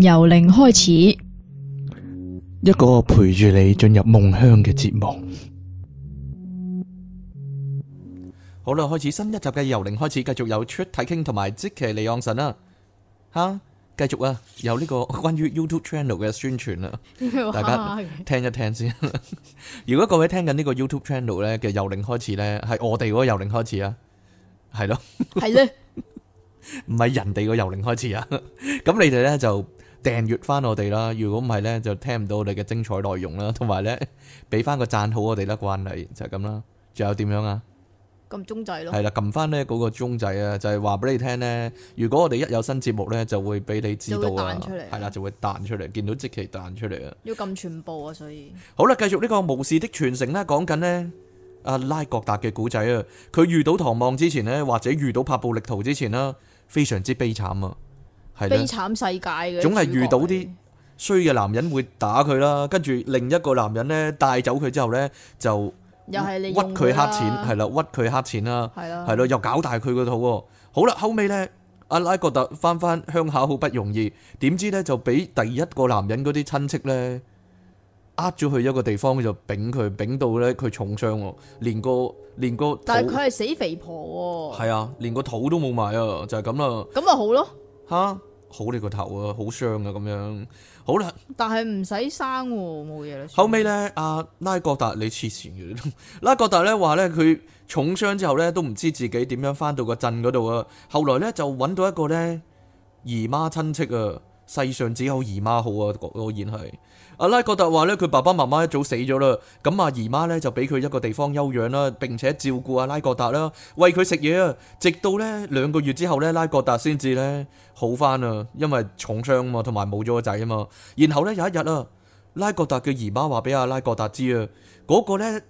由零開始，一個陪住你進入夢鄉嘅節目。好啦，開始新一集嘅由零開始，繼續有出睇傾同埋即其李昂臣啦。吓，繼續啊，有呢個關於 YouTube channel 嘅宣傳啦，大家聽一聽先。如果各位聽緊呢個 YouTube channel 咧嘅由零開始咧，係我哋嗰個由零開始啊，係咯，係咧，唔係人哋個由零開始啊，咁你哋咧就。訂閱翻我哋啦，如果唔係呢，就聽唔到你嘅精彩內容啦，同埋呢，俾翻個讚好我哋啦。慣例就係咁啦。仲有點樣啊？撳鐘仔咯。係啦，撳翻呢嗰個鐘仔啊，就係話俾你聽呢。如果我哋一有新節目呢，就會俾你知道啊。係啦，就會彈出嚟，見到即期彈出嚟啊。要撳全部啊，所以。好啦，繼續呢、這個巫士的傳承啦，講緊呢，阿拉各達嘅古仔啊，佢遇到唐望之前呢，或者遇到拍暴力圖之前呢，非常之悲慘啊。悲慘世界嘅，總係遇到啲衰嘅男人會打佢啦，跟住另一個男人咧帶走佢之後咧就又係屈佢黑錢，係啦，屈佢、啊、黑錢啦，係咯了，係咯，又搞大佢個肚。好啦，後尾咧，阿拉覺得翻翻鄉下好不容易，點知咧就俾第一個男人嗰啲親戚咧呃咗去一個地方就，就丙佢丙到咧佢重傷哦，連個連個但係佢係死肥婆、啊，係啊，連個肚都冇埋啊，就係咁啦，咁咪好咯，吓？好你個頭啊！好傷啊，咁樣，好啦。但係唔使生，啊，冇嘢。啦後尾咧，阿拉國達你黐綫嘅，拉國達咧話咧佢重傷之後咧都唔知自己點樣翻到個鎮嗰度啊。後來咧就揾到一個咧姨媽親戚啊。世上只有姨媽好啊，果然係。阿拉國達話咧，佢爸爸媽媽一早死咗啦，咁阿姨媽咧就俾佢一個地方休養啦，並且照顧阿拉國達啦，餵佢食嘢啊，直到咧兩個月之後咧，拉國達先至咧好翻啊，因為重傷啊嘛，同埋冇咗個仔啊嘛，然後咧有一日啊，拉國達嘅姨媽話俾阿拉國達知啊，嗰個咧。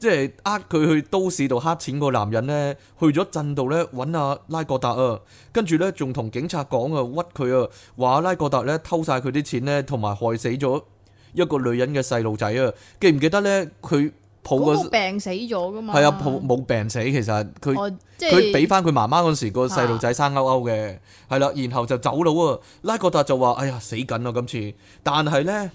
即係呃佢去都市度黑錢個男人咧，去咗鎮度咧揾阿拉國達啊，跟住咧仲同警察講啊屈佢啊，話拉國達咧偷晒佢啲錢咧，同埋害死咗一個女人嘅細路仔啊！記唔記得咧？佢抱個，個病死咗噶嘛？係啊，抱冇病死其實佢佢俾翻佢媽媽嗰時，嗰個細路仔生勾勾嘅，係啦，啊，然後就走佬啊！拉國達就話，哎呀，死緊啦今次！但係咧。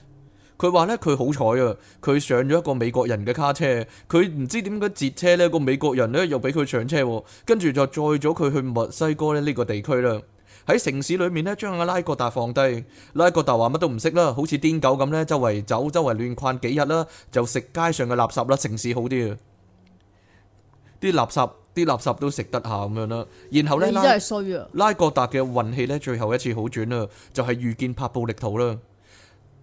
佢話咧，佢好彩啊！佢上咗一個美國人嘅卡車，佢唔知點解截車呢個美國人呢，又俾佢上車，跟住就載咗佢去墨西哥呢個地區啦。喺城市裏面呢，將阿拉格達放低，拉格達話乜都唔識啦，好似癲狗咁呢，周圍走，周圍亂逛幾日啦，就食街上嘅垃圾啦，城市好啲啊，啲垃圾，啲垃圾都食得下咁樣啦。然後咧，你真係衰啊！拉格達嘅運氣呢，最後一次好轉啦，就係、是、遇見拍布力圖啦。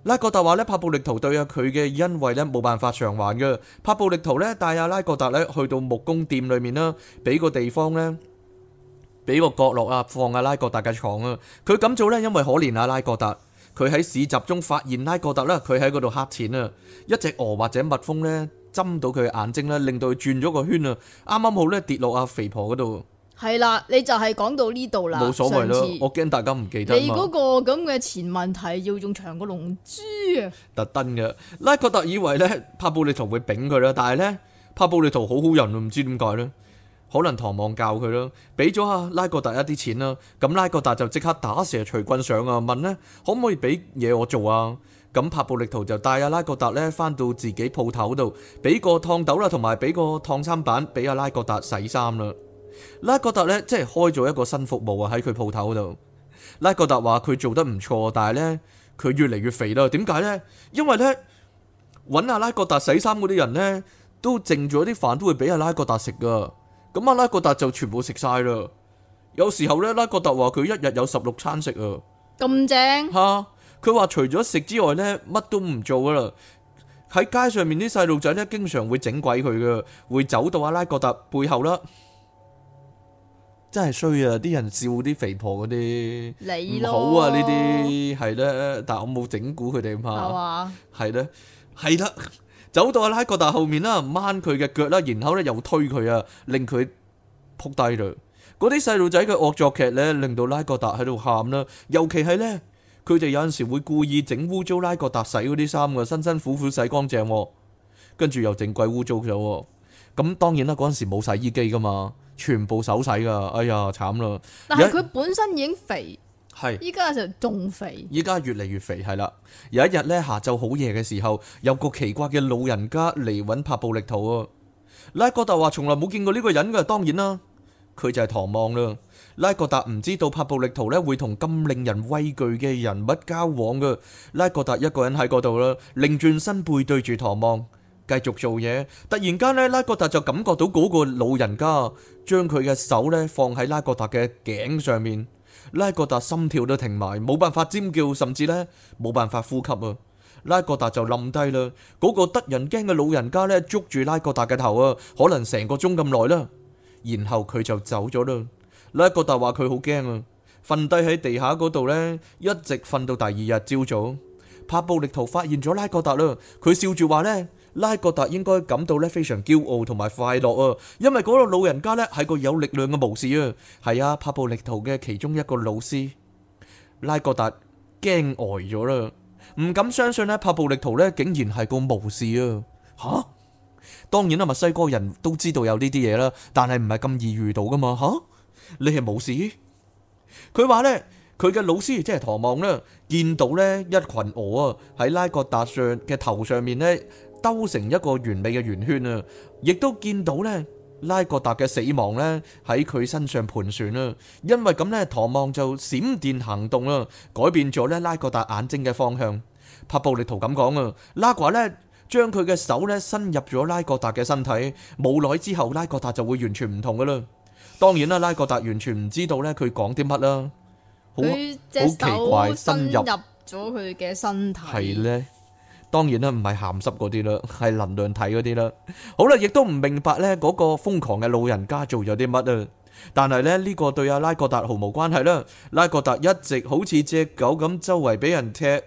拉國達話咧帕布力圖對啊，佢嘅恩惠咧冇辦法償還嘅帕布力圖咧，帶阿拉國達咧去到木工店裏面啦，俾個地方咧俾個角落啊，放阿拉國達嘅床啊。佢咁做咧，因為可憐阿拉國達。佢喺市集中發現拉國達啦，佢喺嗰度黑錢啊，一隻鵝或者蜜蜂咧針到佢嘅眼睛啦，令到佢轉咗個圈啊，啱啱好咧跌落阿肥婆嗰度。係啦，你就係講到呢度啦。冇所謂啦，上次我驚大家唔記得。你嗰個咁嘅前問題要仲長過龍珠啊！特登嘅，拉各達以為咧，帕布利圖會炳佢啦，但係咧，帕布利圖好好人，唔知點解咧？可能唐望教佢啦，俾咗阿拉各達一啲錢啦，咁拉各達就即刻打蛇隨棍上呢可可啊！問咧，可唔可以俾嘢我做啊？咁帕布利圖就帶阿拉各達咧翻到自己鋪頭度，俾個燙斗啦，同埋俾個燙衫板俾阿拉各達洗衫啦。拉葛達咧即係開咗一個新服務啊，喺佢鋪頭度。拉葛達話佢做得唔錯，但係咧，佢越嚟越肥啦。點解呢？因為咧，揾阿拉葛達洗衫嗰啲人呢，都剩咗啲飯都會俾阿拉葛達食噶。咁阿拉葛達就全部食晒啦。有時候咧，拉葛達話佢一日有十六餐食啊。咁正吓，佢話、啊、除咗食之外呢，乜都唔做噶啦。喺街上面啲細路仔呢，經常會整鬼佢噶，會走到阿拉葛達背後啦。真係衰啊！啲人笑啲肥婆嗰啲唔好啊！呢啲係咧，但我冇整蠱佢哋嘛，係咧、啊，係啦，走到阿拉各達後面啦，掹佢嘅腳啦，然後咧又推佢啊，令佢扑低咗。嗰啲細路仔嘅惡作劇咧，令到拉各達喺度喊啦。尤其係咧，佢哋有陣時會故意整污糟拉各達洗嗰啲衫噶，辛辛苦苦洗乾淨，跟住又整鬼污糟咗。咁當然啦，嗰陣時冇洗衣機噶嘛。全部手洗㗎，哎呀，慘啦！但係佢本身已經肥，係是，依家就仲肥，依家越嚟越肥，係啦。有一日呢，下晝好夜嘅時候，有個奇怪嘅老人家嚟揾帕布力圖啊！拉格達話：從來冇見過呢個人㗎，當然啦，佢就係唐望啦。拉格達唔知道帕布力圖呢會同咁令人畏懼嘅人物交往㗎。拉格達一個人喺嗰度啦，另轉身背對住唐望。繼續做嘢，突然間咧，拉格達就感覺到嗰個老人家將佢嘅手咧放喺拉格達嘅頸上面，拉格達心跳都停埋，冇辦法尖叫，甚至咧冇辦法呼吸啊！拉格達就冧低啦，嗰個得人驚嘅老人家咧捉住拉格達嘅頭啊，可能成個鐘咁耐啦，然後佢就走咗啦。拉格達話佢好驚啊，瞓低喺地下嗰度咧，一直瞓到第二日朝早，帕布力圖發現咗拉格達啦，佢笑住話咧。拉格達應該感到非常驕傲同埋快樂，因為嗰個老人家是個有力量的巫士，是啊，帕布力圖的其中一個老師，拉格達兜成一個完美嘅圓圈啊！亦都見到咧，拉格達嘅死亡咧喺佢身上盤旋啊。因為咁咧，唐望就閃電行動啦，改變咗咧拉格達眼睛嘅方向。拍暴力圖咁講啊，拉華咧將佢嘅手咧伸入咗拉格達嘅身體，冇耐之後拉格達就會完全唔同噶啦。當然啦，拉格達完全唔知道咧佢講啲乜啦。佢隻手好奇怪，伸入咗佢嘅身體。係咧。當然啦，唔係咸濕嗰啲啦，係能量體嗰啲啦。好啦，亦都唔明白呢嗰個瘋狂嘅老人家做咗啲乜啊！但係呢呢個對阿拉格達毫無關係啦。拉格達一直好似隻狗咁周圍俾人踢，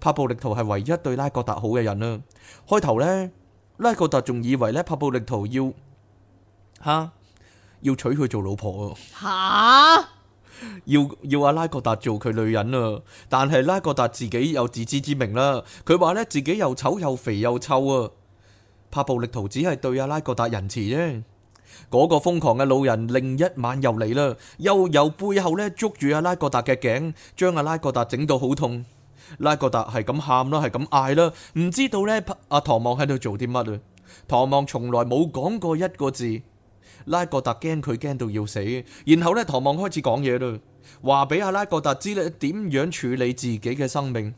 帕布力圖係唯一對拉格達好嘅人啦。開頭呢，拉格達仲以為呢帕布力圖要吓哈要娶佢做老婆啊！吓？要要阿拉各達做佢女人啊！但係拉各達自己有自知之明啦，佢話呢，自己又醜又肥又臭啊！拍暴力圖只係對阿拉各達仁慈啫。嗰個瘋狂嘅老人另一晚又嚟啦，又由背後呢捉住阿拉各達嘅頸，將阿拉各達整到好痛。拉各達係咁喊啦，係咁嗌啦，唔知道呢阿唐望喺度做啲乜啊？唐望從來冇講過一個字。拉格達驚佢驚到要死，然後咧唐望開始講嘢啦，話俾阿拉格達知咧點樣處理自己嘅生命。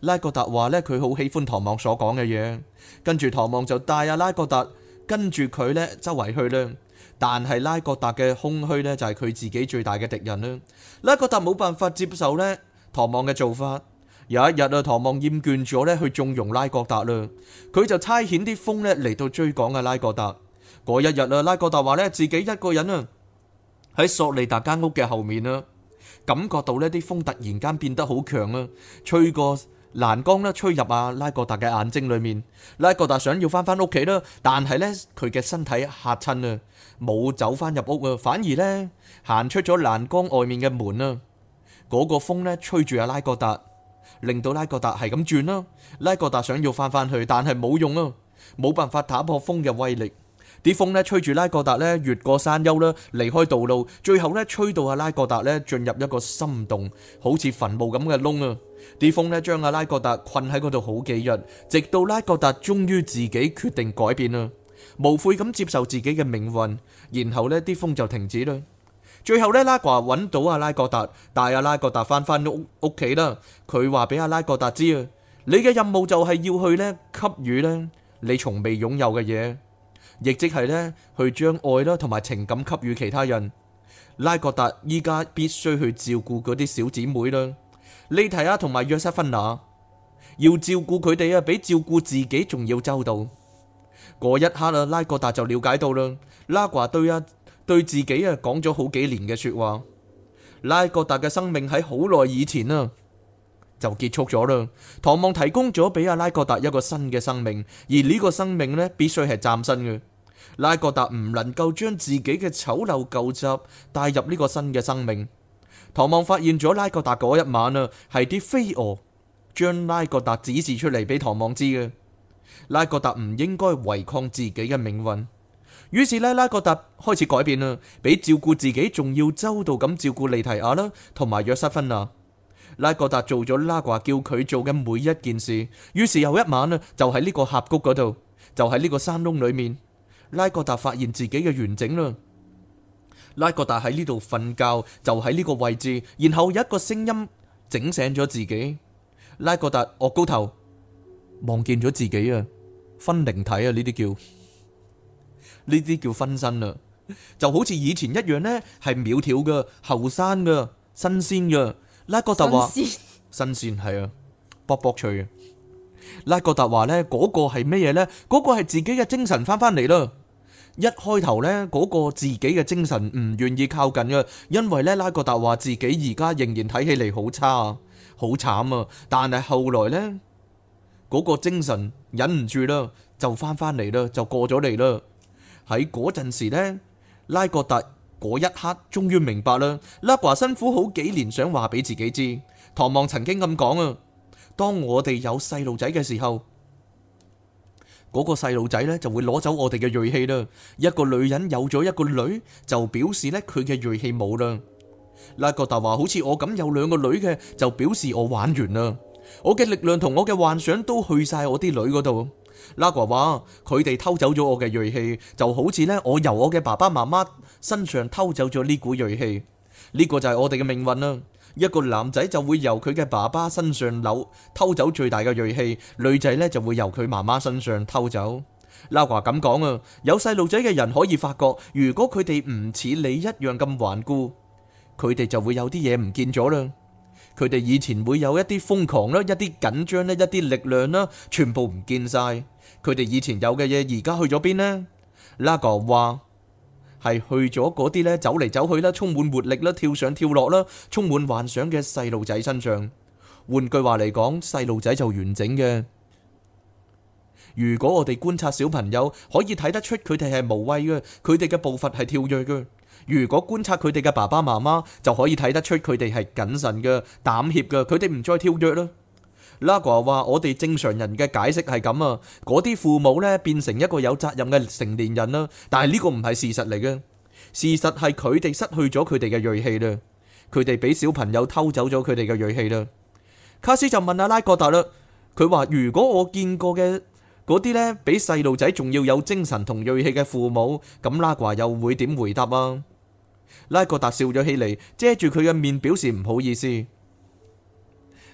拉格達話咧佢好喜歡唐望所講嘅嘢，跟住唐望就帶阿拉格達跟住佢咧周圍去啦。但係拉格達嘅空虛咧就係佢自己最大嘅敵人啦。拉格達冇辦法接受咧唐望嘅做法。有一日啊，唐望厭倦咗咧去縱容拉格達啦，佢就差遣啲風咧嚟到追趕阿拉格達。嗰一日啊，拉哥達話咧，自己一個人啊，喺索利達間屋嘅後面啊，感覺到呢啲風突然間變得好強啊，吹過欄杆咧吹入啊拉哥達嘅眼睛裏面。拉哥達想要翻翻屋企啦，但係呢，佢嘅身體嚇親啊，冇走翻入屋啊，反而呢，行出咗欄杆外面嘅門啦。嗰、那個風咧吹住阿拉哥達，令到拉哥達係咁轉啦。拉哥達想要翻翻去，但係冇用啊，冇辦法打破風嘅威力。啲風咧吹住拉各達咧，越過山丘啦，離開道路，最後咧吹到阿拉各達咧進入一個深洞，好似墳墓咁嘅窿啊。啲風咧將阿拉各達困喺嗰度好幾日，直到拉各達終於自己決定改變啦，無悔咁接受自己嘅命運，然後呢啲風就停止啦。最後咧拉瓜揾到阿拉各達，帶阿拉各達翻翻屋屋企啦。佢話俾阿拉各達知啊，你嘅任務就係要去咧給予咧你從未擁有嘅嘢。亦即係呢，去將愛啦同埋情感給予其他人。拉格達依家必須去照顧嗰啲小姐妹啦，利提亞同埋約瑟芬娜，要照顧佢哋啊，比照顧自己仲要周到。嗰一刻啦，拉格達就了解到啦，拉瓜對啊對自己啊講咗好幾年嘅說話。拉格達嘅生命喺好耐以前啦就結束咗啦。唐望提供咗俾阿拉格達一個新嘅生命，而呢個生命呢，必須係嶄新嘅。拉格達唔能夠將自己嘅醜陋舊習帶入呢個新嘅生命。唐望發現咗拉格達嗰一晚啊，係啲飛蛾將拉格達指示出嚟俾唐望知嘅。拉格達唔應該違抗自己嘅命運，於是咧拉格達開始改變啦，比照顧自己仲要周到咁照顧莉提亞啦，同埋約瑟芬娜。拉格達做咗拉掛叫佢做嘅每一件事，於是有一晚呢就喺呢個峽谷嗰度，就喺呢個山窿裏面。拉國達發現自己嘅完整啦，拉國達喺呢度瞓覺，就喺呢個位置，然後有一個聲音整醒咗自己。拉國達臥高頭望見咗自己啊，分靈體啊，呢啲叫呢啲叫分身啦、啊，就好似以前一樣呢，係苗條嘅、後生嘅、新鮮嘅。拉國達話：新鮮，新鮮係啊，卜卜脆啊。拉國達話呢，嗰、嗰個係咩嘢呢？嗰個係自己嘅精神翻返嚟啦。一開頭呢，嗰個自己嘅精神唔願意靠近嘅，因為呢，拉格達話自己而家仍然睇起嚟好差啊，好慘啊！但係後來呢，嗰個精神忍唔住啦，就翻返嚟啦，就過咗嚟啦。喺嗰陣時呢，拉格達嗰一刻終於明白啦，拉華辛苦好幾年想話俾自己知，唐望曾經咁講啊，當我哋有細路仔嘅時候。嗰個細路仔呢，就會攞走我哋嘅銳氣啦。一個女人有咗一個女，就表示呢，佢嘅銳氣冇啦。拉哥達話好似我咁有兩個女嘅，就表示我玩完啦。我嘅力量同我嘅幻想都去晒我啲女嗰度。拉哥話佢哋偷走咗我嘅銳氣，就好似呢，我由我嘅爸爸媽媽身上偷走咗呢股銳氣。呢個就係我哋嘅命運啦。一個男仔就會由佢嘅爸爸身上扭偷走最大嘅銳氣，女仔呢就會由佢媽媽身上偷走。拉哥咁講啊，有細路仔嘅人可以發覺，如果佢哋唔似你一樣咁頑固，佢哋就會有啲嘢唔見咗啦。佢哋以前會有一啲瘋狂啦，一啲緊張咧，一啲力量啦，全部唔見晒。佢哋以前有嘅嘢，而家去咗邊呢？拉哥話。係去咗嗰啲呢，走嚟走去啦，充滿活力啦，跳上跳落啦，充滿幻想嘅細路仔身上。換句話嚟講，細路仔就完整嘅。如果我哋觀察小朋友，可以睇得出佢哋係無畏嘅，佢哋嘅步伐係跳躍嘅。如果觀察佢哋嘅爸爸媽媽，就可以睇得出佢哋係謹慎嘅、膽怯嘅，佢哋唔再跳躍啦。拉呱話：我哋正常人嘅解釋係咁啊，嗰啲父母咧變成一個有責任嘅成年人啦。但係呢個唔係事實嚟嘅，事實係佢哋失去咗佢哋嘅銳氣啦，佢哋俾小朋友偷走咗佢哋嘅銳氣啦。卡斯就問阿拉格達啦，佢話如果我見過嘅嗰啲呢，比細路仔仲要有精神同銳氣嘅父母，咁拉呱又會點回答啊？拉格達笑咗起嚟，遮住佢嘅面，表示唔好意思。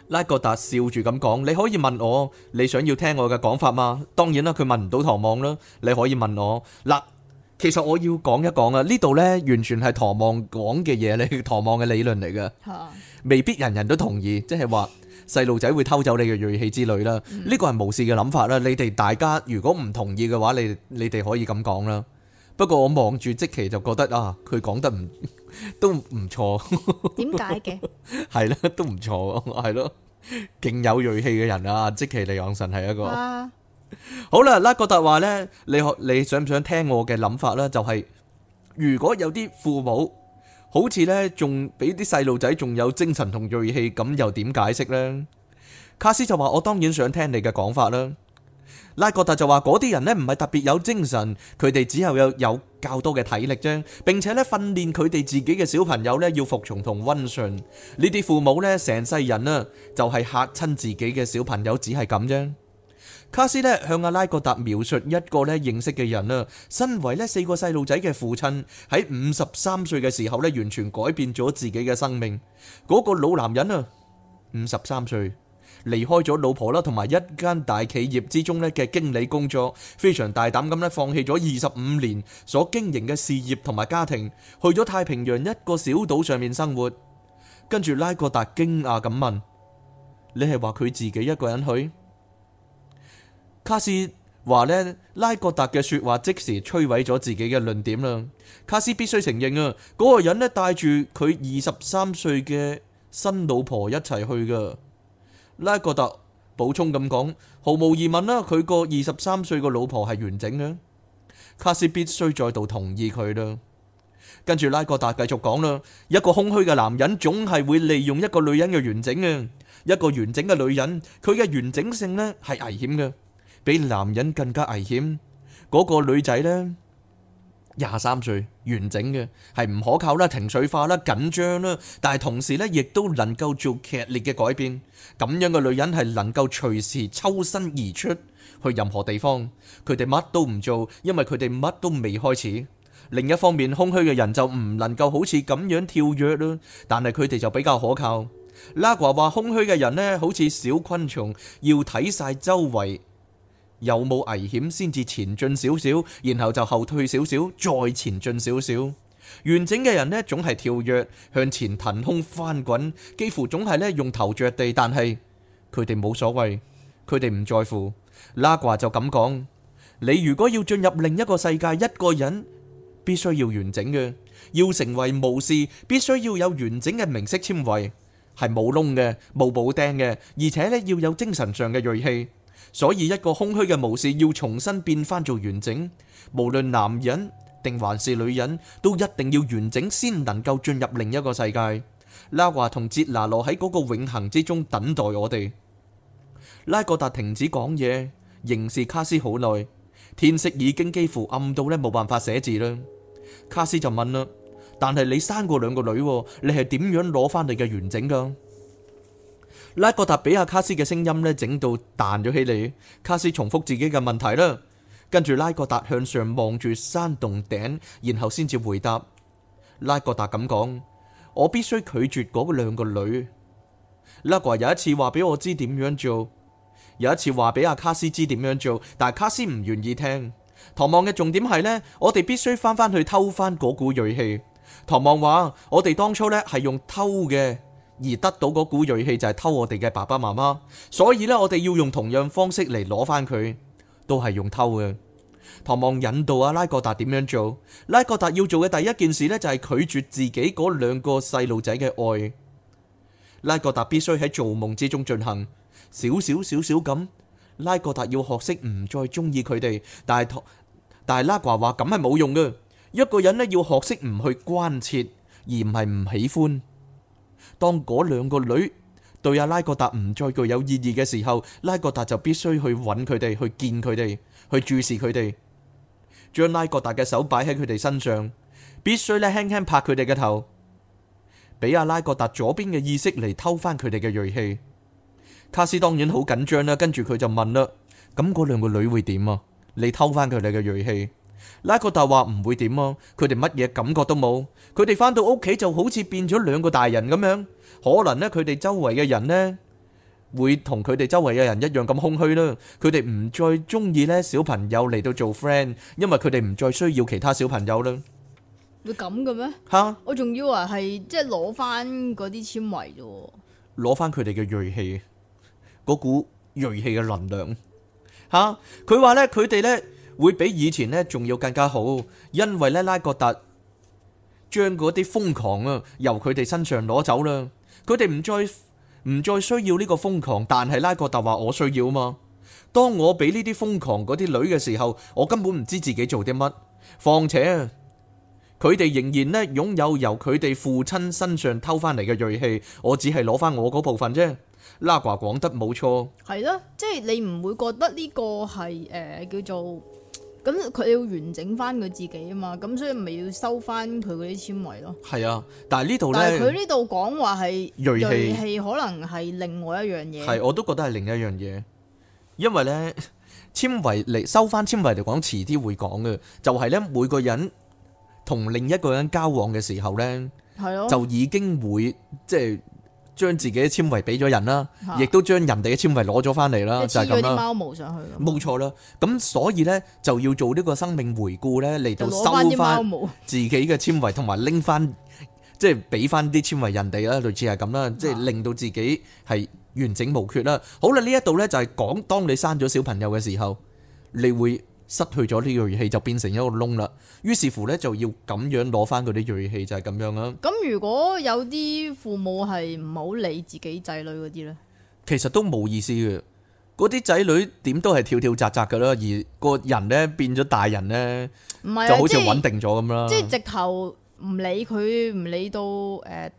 拉哥達笑住咁講：你可以問我，你想要聽我嘅講法嗎？當然啦，佢問唔到唐望啦。你可以問我，嗱，其實我要講一講啊，呢度呢，完全係唐望講嘅嘢，你唐望嘅理論嚟㗎， 未必人人都同意，即係話細路仔會偷走你嘅銳氣之類啦。呢個係無視嘅諗法啦。你哋大家如果唔同意嘅話，你你哋可以咁講啦。不過我望住即奇，就覺得啊，佢講得唔都唔錯。點解嘅？係啦，都唔錯，係咯，勁 有銳氣嘅人啊！即奇利昂神係一個。啊、好啦，拉國達話呢，你你想唔想聽我嘅諗法呢？就係、是、如果有啲父母好似呢，仲俾啲細路仔仲有精神同銳氣，咁又點解釋呢？卡斯就話：我當然想聽你嘅講法啦。拉格達就話，嗰啲人呢唔係特別有精神，佢哋只係有有較多嘅體力啫，並且呢訓練佢哋自己嘅小朋友呢要服從同溫順，呢啲父母呢成世人啊就係嚇親自己嘅小朋友，只係咁啫。卡斯呢向阿拉格達描述一個呢認識嘅人啦，身為呢四個細路仔嘅父親，喺五十三歲嘅時候呢完全改變咗自己嘅生命，嗰個老男人啊，五十三歲。離開咗老婆啦，同埋一間大企業之中咧嘅經理工作，非常大膽咁呢放棄咗二十五年所經營嘅事業同埋家庭，去咗太平洋一個小島上面生活。跟住拉格達驚訝咁問：你係話佢自己一個人去？卡斯話呢拉格達嘅說話即時摧毀咗自己嘅論點啦。卡斯必須承認啊，嗰、那個人呢帶住佢二十三歲嘅新老婆一齊去噶。拉哥特補充咁講，毫無疑問啦，佢個二十三歲個老婆係完整嘅。卡斯必須再度同意佢啦。跟住拉哥達繼續講啦，一個空虛嘅男人總係會利用一個女人嘅完整嘅，一個完整嘅女人，佢嘅完整性呢係危險嘅，比男人更加危險。嗰、那個女仔呢？廿三歲完整嘅係唔可靠啦，情緒化啦，緊張啦，但係同時呢亦都能夠做劇烈嘅改變。咁樣嘅女人係能夠隨時抽身而出去任何地方，佢哋乜都唔做，因為佢哋乜都未開始。另一方面，空虛嘅人就唔能夠好似咁樣跳躍啦，但係佢哋就比較可靠。拉瓜話：空虛嘅人呢，好似小昆蟲，要睇晒周圍。有冇危險先至前進少少，然後就後退少少，再前進少少。完整嘅人呢，總係跳躍向前騰空翻滾，幾乎總係呢用頭着地。但係佢哋冇所謂，佢哋唔在乎。拉華就咁講：你如果要進入另一個世界，一個人必須要完整嘅，要成為巫師，必須要有完整嘅明式纖維，係冇窿嘅，冇補釘嘅，而且呢要有精神上嘅銳氣。所以一個空虛嘅模式要重新變翻做完整，無論男人定還是女人，都一定要完整先能夠進入另一個世界。拉華同杰拿羅喺嗰個永恒之中等待我哋。拉各達停止講嘢，凝視卡斯好耐。天色已經幾乎暗到咧，冇辦法寫字啦。卡斯就問啦：但係你生過兩個女，你係點樣攞翻你嘅完整噶？拉格達比阿卡斯嘅聲音咧整到彈咗起嚟，卡斯重複自己嘅問題啦。跟住拉格達向上望住山洞頂，然後先至回答。拉格達咁講：「我必須拒絕嗰兩個女。拉格有一次話俾我知點樣做，有一次話俾阿卡斯知點樣做，但係卡斯唔願意聽。唐望嘅重點係呢：「我哋必須翻返去偷返嗰股銳氣。」唐望話：「我哋當初呢係用偷嘅。而得到嗰股銳氣就係偷我哋嘅爸爸媽媽，所以呢，我哋要用同樣方式嚟攞翻佢，都係用偷嘅。唐望引導阿拉哥達點樣做，拉哥達要做嘅第一件事呢，就係拒絕自己嗰兩個細路仔嘅愛。拉哥達必須喺做夢之中進行，少少少少咁。拉哥達要學識唔再中意佢哋，但係但係拉瓜話咁係冇用嘅，一個人呢，要學識唔去關切，而唔係唔喜歡。當嗰兩個女對阿拉各達唔再具有意義嘅時候，拉各達就必須去揾佢哋，去見佢哋，去注視佢哋，將拉各達嘅手擺喺佢哋身上，必須咧輕輕拍佢哋嘅頭，俾阿拉各達左邊嘅意識嚟偷翻佢哋嘅銳氣。卡斯當然好緊張啦，跟住佢就問啦：咁嗰兩個女會點啊？你偷翻佢哋嘅銳氣？拉克達話唔會點啊，佢哋乜嘢感覺都冇，佢哋翻到屋企就好似變咗兩個大人咁樣。可能呢，佢哋周圍嘅人呢會同佢哋周圍嘅人一樣咁空虛啦。佢哋唔再中意呢小朋友嚟到做 friend，因為佢哋唔再需要其他小朋友啦。會咁嘅咩？吓，我仲以為係即係攞翻嗰啲纖維啫，攞翻佢哋嘅銳氣，嗰股銳氣嘅能量。吓，佢話呢，佢哋呢。會比以前呢仲要更加好，因為呢拉各達將嗰啲瘋狂啊由佢哋身上攞走啦。佢哋唔再唔再需要呢個瘋狂，但係拉各達話我需要嘛。當我俾呢啲瘋狂嗰啲女嘅時候，我根本唔知自己做啲乜。況且佢哋仍然呢擁有由佢哋父親身上偷翻嚟嘅鋭氣，我只係攞翻我嗰部分啫。拉華講得冇錯，係囉，即係你唔會覺得呢個係誒、呃、叫做。咁佢要完整翻佢自己啊嘛，咁所以咪要收翻佢嗰啲纖維咯。係啊，但係呢度咧，但係佢呢度講話係銳氣，銳氣可能係另外一樣嘢。係，我都覺得係另一樣嘢，因為咧纖維嚟收翻纖維嚟講，遲啲會講嘅，就係咧每個人同另一個人交往嘅時候咧，係咯，就已經會即係。將自己嘅纖維俾咗人啦，亦都將人哋嘅纖維攞咗翻嚟啦，就係咁啦。黐咗啲貓毛上去咯。冇錯啦，咁所以咧就要做呢個生命回顧咧，嚟到收翻自己嘅纖維，同埋拎翻即係俾翻啲纖維人哋啦，類似係咁啦，即係令到自己係完整無缺啦。好啦，呢一度咧就係講當你生咗小朋友嘅時候，你會。失去咗呢個銳氣就變成一個窿啦。於是乎呢，就要咁樣攞翻佢啲銳氣就係、是、咁樣啦。咁如果有啲父母係唔好理自己仔女嗰啲呢，其實都冇意思嘅。嗰啲仔女點都係跳跳扎紮㗎啦，而個人呢，變咗大人咧，就好似穩定咗咁啦。即直、呃、係直頭唔理佢，唔理到誒，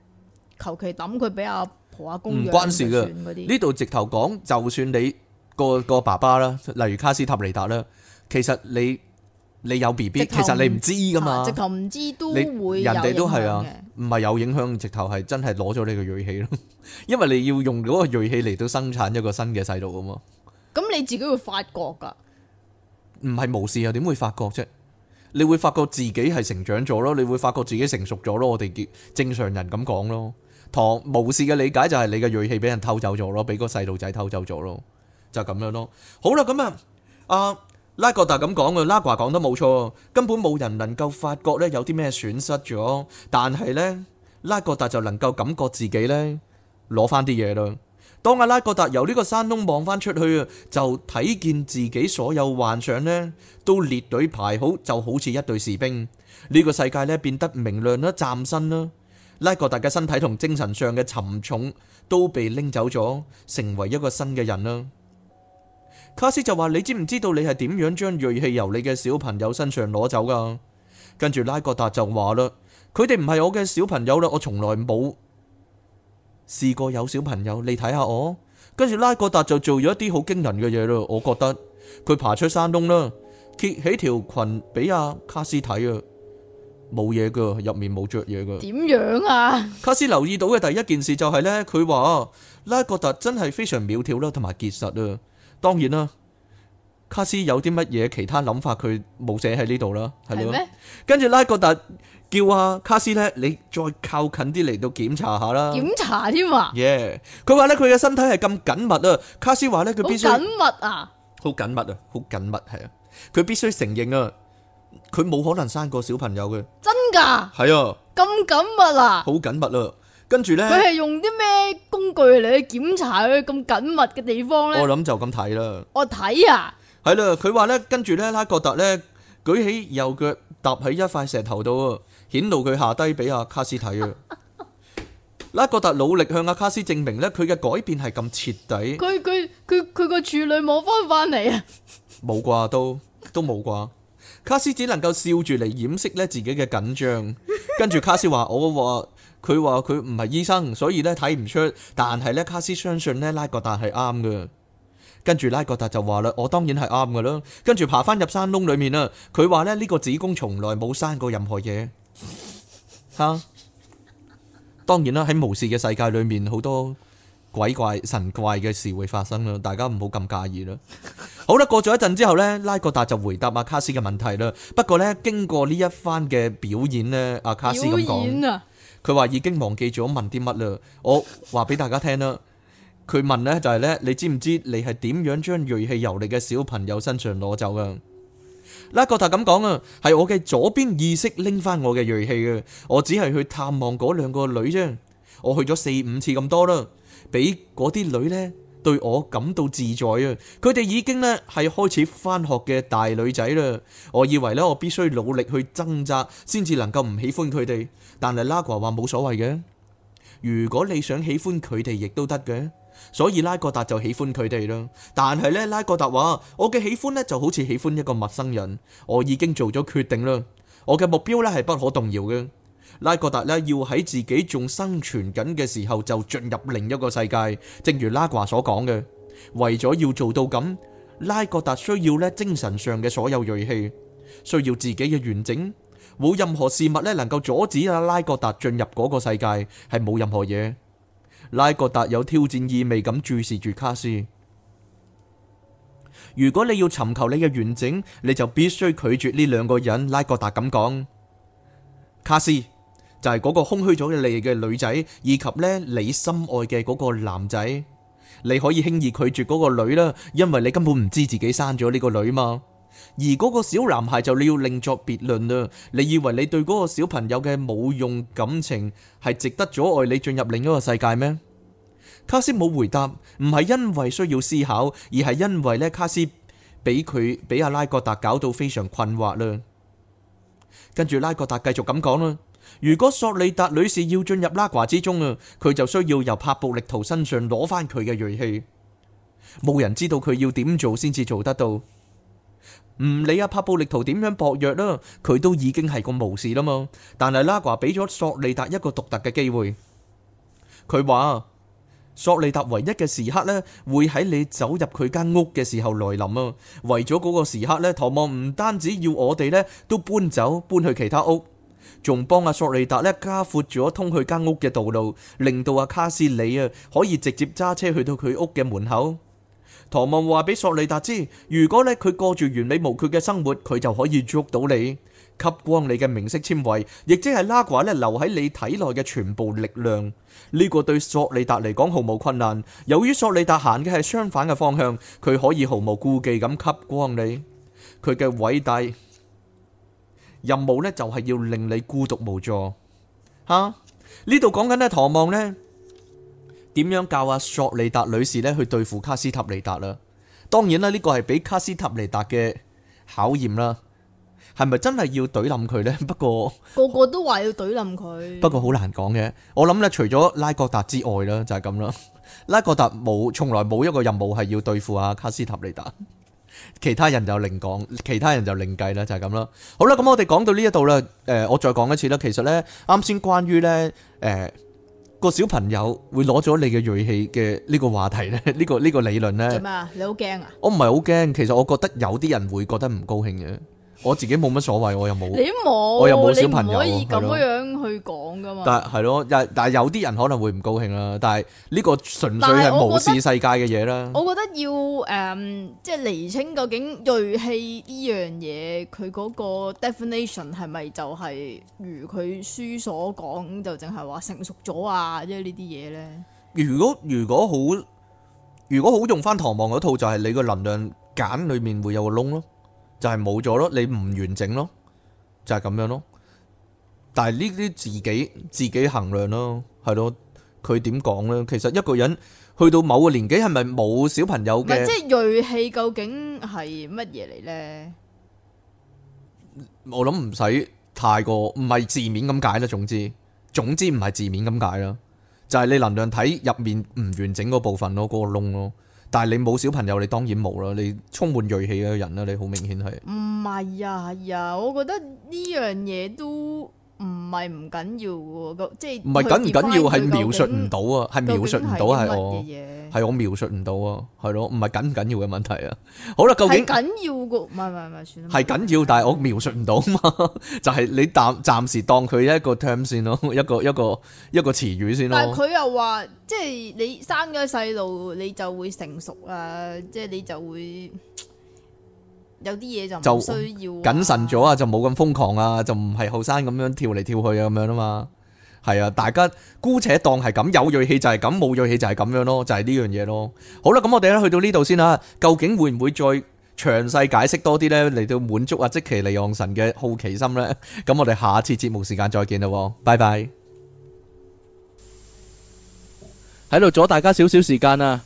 求其抌佢俾阿婆阿公養唔關事嘅。呢度直頭講，就算你個個爸爸啦，例如卡斯塔尼達啦。其實你你有 B B，其實你唔知噶嘛。啊、直頭唔知都會你人哋都係啊，唔係有影響，影響直頭係真係攞咗你嘅銳氣咯， 因為你要用嗰個銳氣嚟到生產一個新嘅細路啊嘛。咁你自己會發覺噶，唔係無事又點會發覺啫？你會發覺自己係成長咗咯，你會發覺自己成熟咗咯。我哋叫正常人咁講咯。唐望嘅理解就係你嘅銳氣俾人偷走咗咯，俾個細路仔偷走咗咯，就咁、是、樣咯。好啦，咁、嗯、啊，啊、嗯。嗯拉格達咁講嘅，拉格達講得冇錯，根本冇人能夠發覺呢有啲咩損失咗，但係呢拉格達就能夠感覺自己呢攞翻啲嘢啦。當阿拉格達由呢個山窿望翻出去啊，就睇見自己所有幻想呢都列隊排好，就好似一隊士兵。呢個世界呢變得明亮啦、嶄新啦。拉格達嘅身體同精神上嘅沉重都被拎走咗，成為一個新嘅人啦。卡斯就話：你知唔知道你係點樣將銳氣由你嘅小朋友身上攞走噶？跟住拉各達就話啦：佢哋唔係我嘅小朋友啦，我從來冇試過有小朋友。你睇下我，跟住拉各達就做咗一啲好驚人嘅嘢咯。我覺得佢爬出山窿啦，揭起條裙俾阿卡斯睇啊，冇嘢噶，入面冇着嘢噶。點樣啊？卡斯留意到嘅第一件事就係呢：佢話拉各達真係非常苗條啦，同埋結實啊！當然啦，卡斯有啲乜嘢其他諗法佢冇寫喺呢度啦，係咪？跟住拉格達叫阿卡斯咧，你再靠近啲嚟到檢查下啦。檢查添啊！耶，佢話咧佢嘅身體係咁緊密啊！卡斯話咧佢必須緊密啊，好緊密啊，好緊密係啊，佢必須承認啊，佢冇可能生過小朋友嘅。真噶？係啊，咁緊密啊，好緊密啊。跟住呢，佢係用啲咩工具嚟，去檢查佢咁緊密嘅地方呢？我諗就咁睇啦。我睇啊，係啦。佢話呢，跟住呢，拉各達呢，舉起右腳踏喺一塊石頭度，顯露佢下低俾阿卡斯睇啊。 拉各達努力向阿、啊、卡斯證明呢，佢嘅改變係咁徹底。佢佢佢佢個處女冇翻返嚟啊！冇 啩，都都冇啩。卡斯只能夠笑住嚟掩飾呢自己嘅緊張。跟住卡斯話： 我佢話佢唔係醫生，所以咧睇唔出。但係咧，卡斯相信咧拉格達係啱嘅。跟住拉格達就話啦，我當然係啱嘅啦。跟住爬翻入山窿裏面啦。佢話咧，呢個子宮從來冇生過任何嘢吓。當然啦，喺巫士嘅世界裏面，好多鬼怪神怪嘅事會發生啦。大家唔好咁介意啦。好啦，過咗一陣之後呢，拉格達就回答阿卡斯嘅問題啦。不過呢，經過呢一番嘅表演呢，阿卡斯咁講。佢話已經忘記咗問啲乜啦，我話俾大家聽啦。佢問呢就係，呢你知唔知你係點樣將銳氣由你嘅小朋友身上攞走噶？拉個頭咁講啊，係我嘅左邊意識拎翻我嘅銳氣嘅，我只係去探望嗰兩個女啫，我去咗四五次咁多啦，俾嗰啲女呢，對我感到自在啊！佢哋已經呢係開始返學嘅大女仔啦。我以為呢，我必須努力去掙扎，先至能夠唔喜歡佢哋。但係拉哥話冇所謂嘅，如果你想喜歡佢哋，亦都得嘅。所以拉哥達就喜歡佢哋啦。但係呢，拉哥達話我嘅喜歡呢就好似喜歡一個陌生人。我已經做咗決定啦，我嘅目標呢係不可動搖嘅。拉格達咧要喺自己仲生存緊嘅時候就進入另一個世界，正如拉瓜所講嘅，為咗要做到咁，拉格達需要咧精神上嘅所有銳氣，需要自己嘅完整，冇任何事物咧能夠阻止啊拉格達進入嗰個世界，係冇任何嘢。拉格達有挑戰意味咁注視住卡斯，如果你要尋求你嘅完整，你就必須拒絕呢兩個人。拉格達咁講，卡斯。就係嗰個空虛咗嘅你嘅女仔，以及呢你心愛嘅嗰個男仔，你可以輕易拒絕嗰個女啦，因為你根本唔知自己生咗呢個女嘛。而嗰個小男孩就你要另作別論啦。你以為你對嗰個小朋友嘅冇用感情係值得阻礙你進入另一個世界咩？卡斯冇回答，唔係因為需要思考，而係因為呢卡斯俾佢俾阿拉各達搞到非常困惑啦。跟住拉各達繼續咁講啦。如果索利達女士要進入拉瓜之中啊，佢就需要由帕布力圖身上攞翻佢嘅銳氣。冇人知道佢要點做先至做得到。唔理阿帕布力圖點樣薄弱啦，佢都已經係個巫士啦嘛。但係拉瓜俾咗索利達一個獨特嘅機會。佢話索利達唯一嘅時刻呢，會喺你走入佢間屋嘅時候來臨啊。為咗嗰個時刻呢，唐望唔單止要我哋呢，都搬走，搬去其他屋。仲幫阿索利達咧加闊咗通去間屋嘅道路，令到阿卡斯里啊可以直接揸車去到佢屋嘅門口。唐望話俾索利達知，如果咧佢過住完美無缺嘅生活，佢就可以捉到你，吸光你嘅明色纖維，亦即係拉華咧留喺你體內嘅全部力量。呢個對索利達嚟講毫無困難。由於索利達行嘅係相反嘅方向，佢可以毫無顧忌咁吸光你。佢嘅偉大任務咧就係要令你孤獨無助，吓，呢度講緊咧，唐望咧點樣教阿索利達女士咧去對付卡斯塔尼達啦？當然啦，呢個係俾卡斯塔尼達嘅考驗啦，係咪真係要懟冧佢咧？不過個個都話要懟冧佢，不過好難講嘅。我諗咧，除咗拉各達之外啦，就係咁啦，拉各達冇從來冇一個任務係要對付阿卡斯塔尼達。其他人就另講，其他人就另計啦，就係咁啦。好啦，咁我哋講到呢一度咧，誒、呃，我再講一次啦。其實呢，啱先關於呢誒，呃個小朋友會攞咗你嘅鋭氣嘅呢個話題咧，呢、這個呢、這個理論呢。做咩啊？你好驚啊？我唔係好驚，其實我覺得有啲人會覺得唔高興嘅。我自己冇乜所謂，我又冇，你冇，我又冇小朋友，你唔可以咁樣去講噶嘛。但係，係咯，但係有啲人可能會唔高興啦。但係呢個純粹係無視世界嘅嘢啦。我覺得要誒、呃，即係厘清究竟銳氣呢樣嘢，佢嗰個 definition 係咪就係如佢書所講，就淨係話成熟咗啊？即係呢啲嘢咧。如果如果好，如果好用翻唐望嗰套，就係、是、你個能量繭裏面會有個窿咯。就係冇咗咯，你唔完整咯，就係咁樣咯。但係呢啲自己自己衡量咯，係咯，佢點講咧？其實一個人去到某個年紀，係咪冇小朋友嘅？即係銳氣究竟係乜嘢嚟咧？我諗唔使太過，唔係字面咁解啦。總之，總之唔係字面咁解啦。就係你能量體入面唔完整嗰部分咯，嗰個窿咯。但係你冇小朋友，你當然冇啦。你充滿銳氣嘅人啦，你好明顯係。唔係啊，係啊，我覺得呢樣嘢都。唔係唔緊要個，即係，唔係緊唔緊要。係我描述唔到啊，係描述唔到係我。係我描述唔到啊，係咯， 唔係緊唔緊要嘅問題啊。好啦，究竟緊要個，唔係唔係唔係，算啦。係緊要，但係我描述唔到啊嘛，就係你暫暫時當佢一個 term 先咯，一個一個一個詞語先咯。先但係佢又話，即係你生咗細路，你就會成熟啊，即係你就會。有啲嘢就唔需要謹慎咗啊，就冇咁瘋狂啊，就唔係後生咁樣跳嚟跳去啊，咁樣啊嘛，係啊，大家姑且當係咁，有銳氣就係咁，冇銳氣就係咁樣咯，就係呢樣嘢咯。好啦，咁我哋咧去到呢度先啦，究竟會唔會再詳細解釋多啲咧嚟到滿足啊，即其利昂神嘅好奇心咧？咁我哋下次節目時間再見啦，拜拜。喺度阻大家少少時間啊！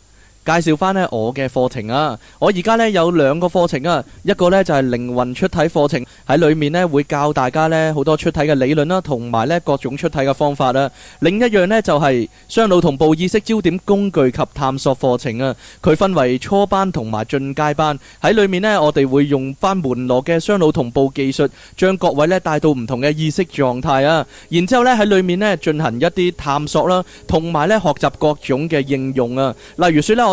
介紹翻咧我嘅課程啊！我而家咧有兩個課程啊，一個咧就係靈魂出體課程，喺裡面咧會教大家咧好多出體嘅理論啦，同埋咧各種出體嘅方法啦。另一樣咧就係雙腦同步意識焦點工具及探索課程啊。佢分為初班同埋進階班，喺裡面咧我哋會用返門羅嘅雙腦同步技術，將各位咧帶到唔同嘅意識狀態啊。然之後咧喺裡面咧進行一啲探索啦，同埋咧學習各種嘅應用啊。例如説咧我。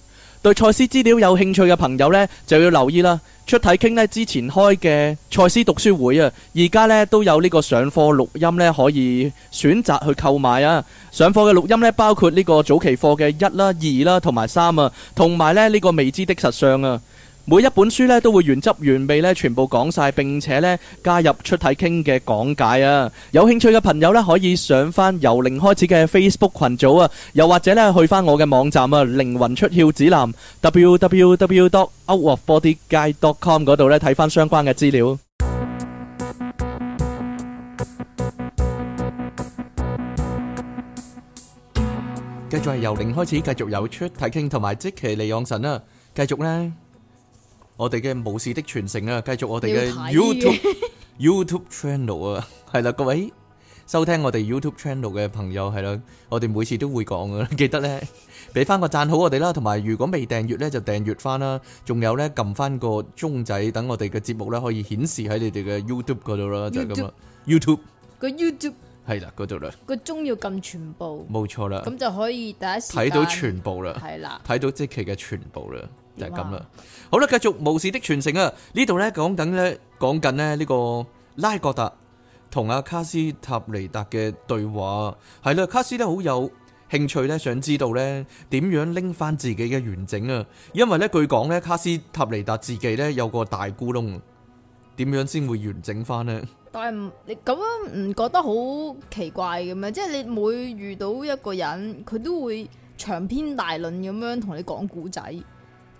對賽斯資料有興趣嘅朋友呢，就要留意啦。出體傾呢之前開嘅賽斯讀書會啊，而家呢都有呢個上課錄音呢，可以選擇去購買啊。上課嘅錄音呢，包括呢個早期課嘅一啦、二啦同埋三啊，同埋咧呢呢個未知的實相啊，每一本書咧都會原汁原味咧全部講晒，並且咧加入出體傾嘅講解啊！有興趣嘅朋友咧可以上返由零開始嘅 Facebook 群組啊，又或者咧去返我嘅網站啊，靈魂出竅指南 w w 我哋嘅巫士的傳承啊，繼續我哋嘅 you YouTube YouTube channel 啊，係啦，各位收聽我哋 YouTube channel 嘅朋友係啦，我哋每次都會講嘅，記得咧俾翻個讚好我哋啦，同埋如果未訂閱咧就訂閱翻啦，仲有咧撳翻個鐘仔，等我哋嘅節目咧可以顯示喺你哋嘅 you YouTube 度啦，就咁啦。YouTube，YouTube 個 YouTube 係啦，度啦個鐘要撳全部，冇錯啦，咁就可以第一時間睇到全部啦，係啦，睇到即期嘅全部啦。了就咁啦，哇好啦，繼續巫士的傳承啊！呢度呢，講緊呢講緊呢，呢個拉格達同阿卡斯塔尼達嘅對話係啦，卡斯呢好有興趣呢，想知道呢點樣拎翻自己嘅完整啊！因為呢，據講呢，卡斯塔尼達自己呢，有個大咕窿，點樣先會完整翻呢？但係唔你咁樣唔覺得好奇怪嘅咩？即係你每遇到一個人，佢都會長篇大論咁樣同你講古仔。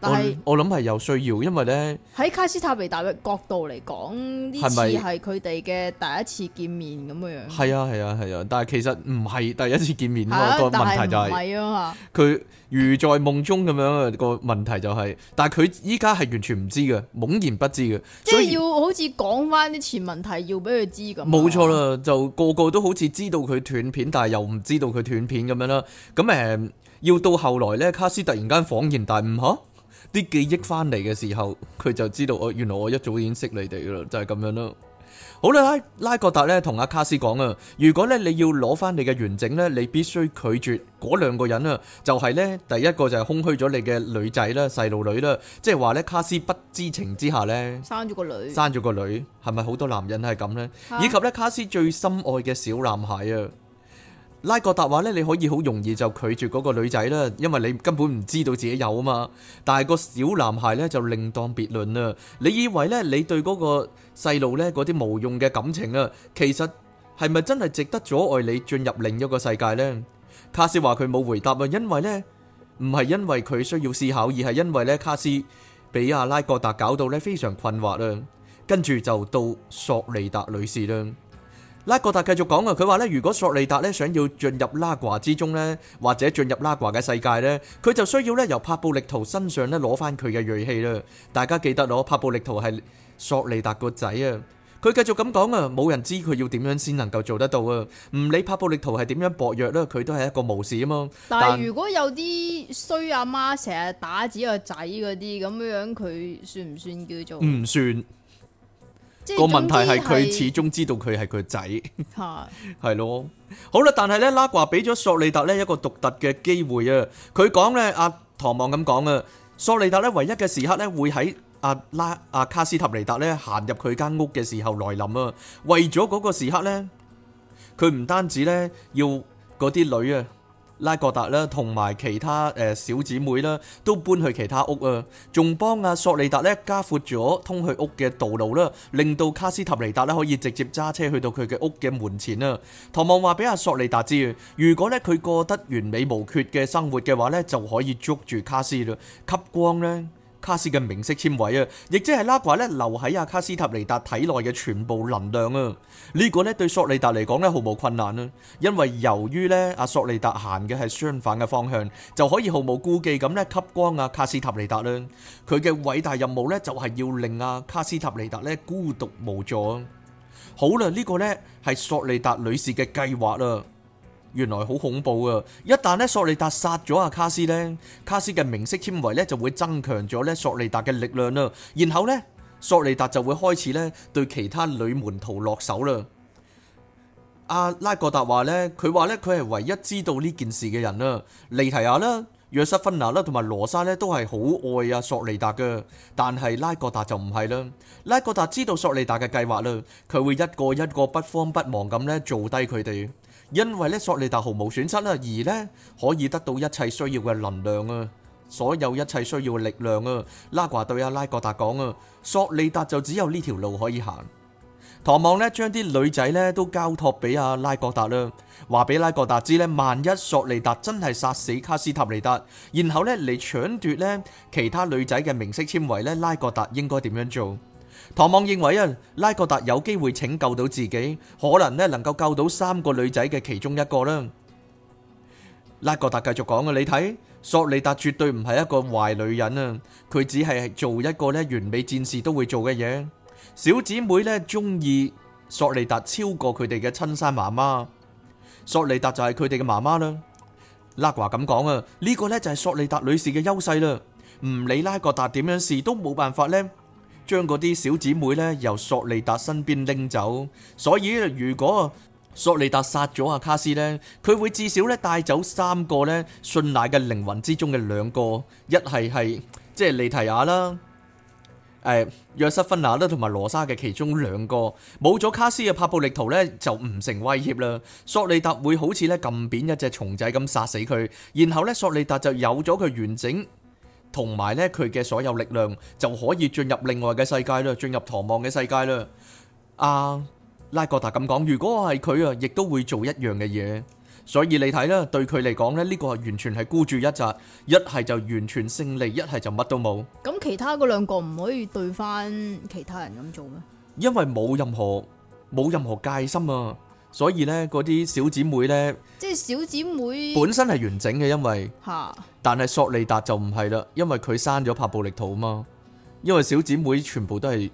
但係我諗係有需要，因為咧喺卡斯塔維達嘅角度嚟講，呢次係佢哋嘅第一次見面咁樣樣？係啊係啊係啊，啊！但係其實唔係第一次見面咯。個問題就係佢如在夢中咁樣啊。個問題就係，但係佢依家係完全唔知嘅，懵然不知嘅。所以即係要好似講翻啲前問題，要俾佢知咁。冇錯啦，就個個都好似知道佢斷片，但係又唔知道佢斷片咁樣啦。咁、嗯、誒，要到後來咧，卡斯突然間恍然大悟，吓！啲記憶翻嚟嘅時候，佢就知道我原來我一早已經識你哋啦，就係、是、咁樣咯。好啦，拉拉格達咧同阿卡斯講啊，如果咧你要攞翻你嘅完整咧，你必須拒絕嗰兩個人啊，就係、是、咧第一個就係空虛咗你嘅女仔啦，細路女啦，即係話咧卡斯不知情之下咧，生咗個女，生咗個女，係咪好多男人係咁咧？啊、以及咧卡斯最深愛嘅小男孩啊！拉各達話咧，你可以好容易就拒絕嗰個女仔啦，因為你根本唔知道自己有啊嘛。但係個小男孩咧就另當別論啦。你以為咧，你對嗰個細路咧嗰啲無用嘅感情啊，其實係咪真係值得阻礙你進入另一個世界呢？卡斯話佢冇回答啊，因為咧唔係因為佢需要思考，而係因為咧卡斯俾阿拉各達搞到咧非常困惑啊。跟住就到索尼達女士啦。拉格達繼續講啊，佢話咧，如果索利達咧想要進入拉瓜之中咧，或者進入拉瓜嘅世界咧，佢就需要咧由帕布力圖身上咧攞翻佢嘅銳氣啦。大家記得咯，帕布力圖係索利達個仔啊。佢繼續咁講啊，冇人知佢要點樣先能夠做得到啊。唔理帕布力圖係點樣薄弱啦，佢都係一個巫士啊嘛。但係如果有啲衰阿媽成日打自己個仔嗰啲咁樣，佢算唔算叫做？唔算。個問題係佢始終知道佢係佢仔，係係咯，好啦，但係咧拉瓜俾咗索利達呢一個獨特嘅機會啊！佢講咧阿唐望咁講啊，索利達咧唯一嘅時刻咧會喺阿拉阿卡斯塔尼達咧行入佢間屋嘅時候來臨啊！為咗嗰個時刻咧，佢唔單止咧要嗰啲女啊。拉各達啦，同埋其他誒小姊妹啦，都搬去其他屋啊，仲幫阿索利達咧加闊咗通去屋嘅道路啦，令到卡斯塔尼達咧可以直接揸車去到佢嘅屋嘅門前啊。唐望話俾阿索利達知啊，如果咧佢過得完美無缺嘅生活嘅話咧，就可以捉住卡斯啦，吸光咧。卡斯嘅明色纖維啊，亦即係拉瓜咧留喺阿卡斯塔尼達體內嘅全部能量啊！呢個咧對索利達嚟講咧毫無困難啊，因為由於咧阿索利達行嘅係相反嘅方向，就可以毫無顧忌咁咧吸光阿卡斯塔尼達啦。佢嘅偉大任務咧就係要令阿卡斯塔尼達咧孤獨無助。好啦，呢個咧係索利達女士嘅計劃啦。原來好恐怖啊！一旦呢，索利達殺咗阿卡斯呢，卡斯嘅明色纖維呢就會增強咗呢索利達嘅力量啦。然後呢，索利達就會開始呢對其他女門徒落手啦。阿、啊、拉各達話呢，佢話呢，佢係唯一知道呢件事嘅人啦。利提亞啦、約瑟芬娜啦同埋羅莎呢都係好愛阿索利達嘅，但係拉各達就唔係啦。拉各達知道索利達嘅計劃啦，佢會一個一個不慌不忙咁呢做低佢哋。因為咧，索利達毫無損失，啊，而咧可以得到一切需要嘅能量啊，所有一切需要嘅力量啊。拉掛對阿拉國達講啊，索利達就只有呢條路可以行。唐望咧將啲女仔咧都交託俾阿拉國達啦，話俾拉國達知咧，萬一索利達真係殺死卡斯塔利達，然後咧嚟搶奪咧其他女仔嘅名色纖維咧，拉國達應該點樣做？唐望認為啊，拉格達有機會拯救到自己，可能呢能夠救到三個女仔嘅其中一個啦。拉格達繼續講啊，你睇，索利達絕對唔係一個壞女人啊，佢只係做一個呢完美戰士都會做嘅嘢。小姐妹呢中意索利達超過佢哋嘅親生媽媽，索利達就係佢哋嘅媽媽啦。拉格華咁講啊，呢個呢就係索利達女士嘅優勢啦，唔理拉格達點樣試都冇辦法呢。將嗰啲小姊妹咧由索利達身邊拎走，所以如果索利達殺咗阿卡斯呢，佢會至少咧帶走三個咧信賴嘅靈魂之中嘅兩個，一係係即係利提亞啦，誒、呃、約瑟芬娜啦，同埋羅莎嘅其中兩個，冇咗卡斯嘅帕布力圖咧就唔成威脅啦，索利達會好似咧撳扁一隻蟲仔咁殺死佢，然後咧索利達就有咗佢完整。同埋咧，佢嘅所有力量就可以進入另外嘅世界啦，進入唐望嘅世界啦。啊拉哥達咁講，如果係佢啊，亦都會做一樣嘅嘢。所以你睇啦，對佢嚟講咧，呢個係完全係孤注一擲，一係就完全勝利，一係就乜都冇。咁其他嗰兩個唔可以對翻其他人咁做咩？因為冇任何冇任何戒心啊！所以咧，嗰啲小姐妹咧，即係小姐妹本身係完整嘅，因為吓，哈但係索利達就唔係啦，因為佢生咗帕布力土嘛，因為小姐妹全部都係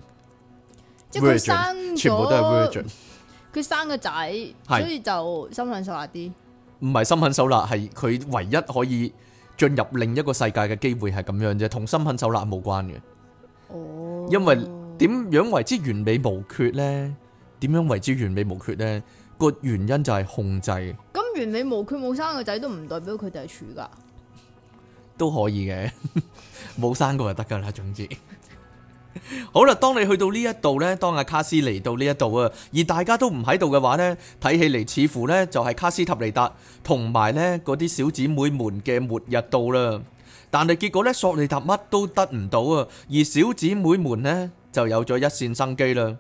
即係佢生全部都係 Virgin 佢生個仔，是所以就心狠手辣啲。唔係心狠手辣，係佢唯一可以進入另一個世界嘅機會係咁樣啫，同心狠手辣冇關嘅。哦，因為點樣為之完美無缺咧？點樣為之完美無缺咧？個原因就係控制。咁原理無，佢冇生個仔都唔代表佢哋係處噶，都可以嘅，冇 生過就得噶啦。總之， 好啦，當你去到呢一度呢，當阿卡斯嚟到呢一度啊，而大家都唔喺度嘅話呢，睇起嚟似乎呢就係卡斯塔利達同埋呢嗰啲小姐妹們嘅末日到啦。但係結果呢，索利達乜都得唔到啊，而小姐妹們呢就有咗一線生機啦。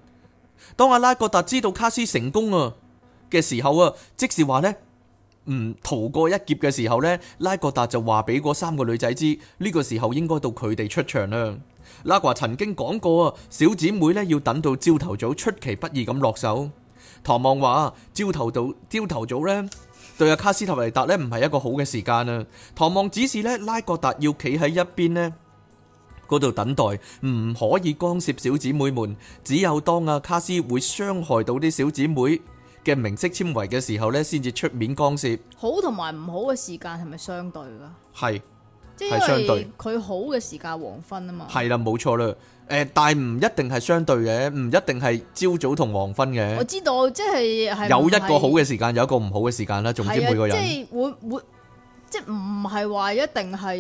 當阿拉戈達知道卡斯成功啊嘅時候啊，即是話呢，嗯，逃過一劫嘅時候呢，拉格達就話俾嗰三個女仔知，呢、這個時候應該到佢哋出場啦。拉華曾經講過啊，小姐妹呢要等到朝頭早出其不意咁落手。唐望話朝，朝頭早朝頭早呢，對阿卡斯特維達呢唔係一個好嘅時間啊。唐望指示呢，拉格達要企喺一邊呢，嗰度等待，唔可以干涉小姐妹們。只有當阿卡斯會傷害到啲小姐妹。嘅明色纖維嘅時候呢，先至出面干涉。好同埋唔好嘅時間係咪相對噶？係，即係相對佢好嘅時間黃昏啊嘛。係啦，冇錯啦。誒，但係唔一定係相對嘅，唔一定係朝早同黃昏嘅。我知道，即係係有一個好嘅時間，有一個唔好嘅時間啦。總之每個人即係會會，即係唔係話一定係，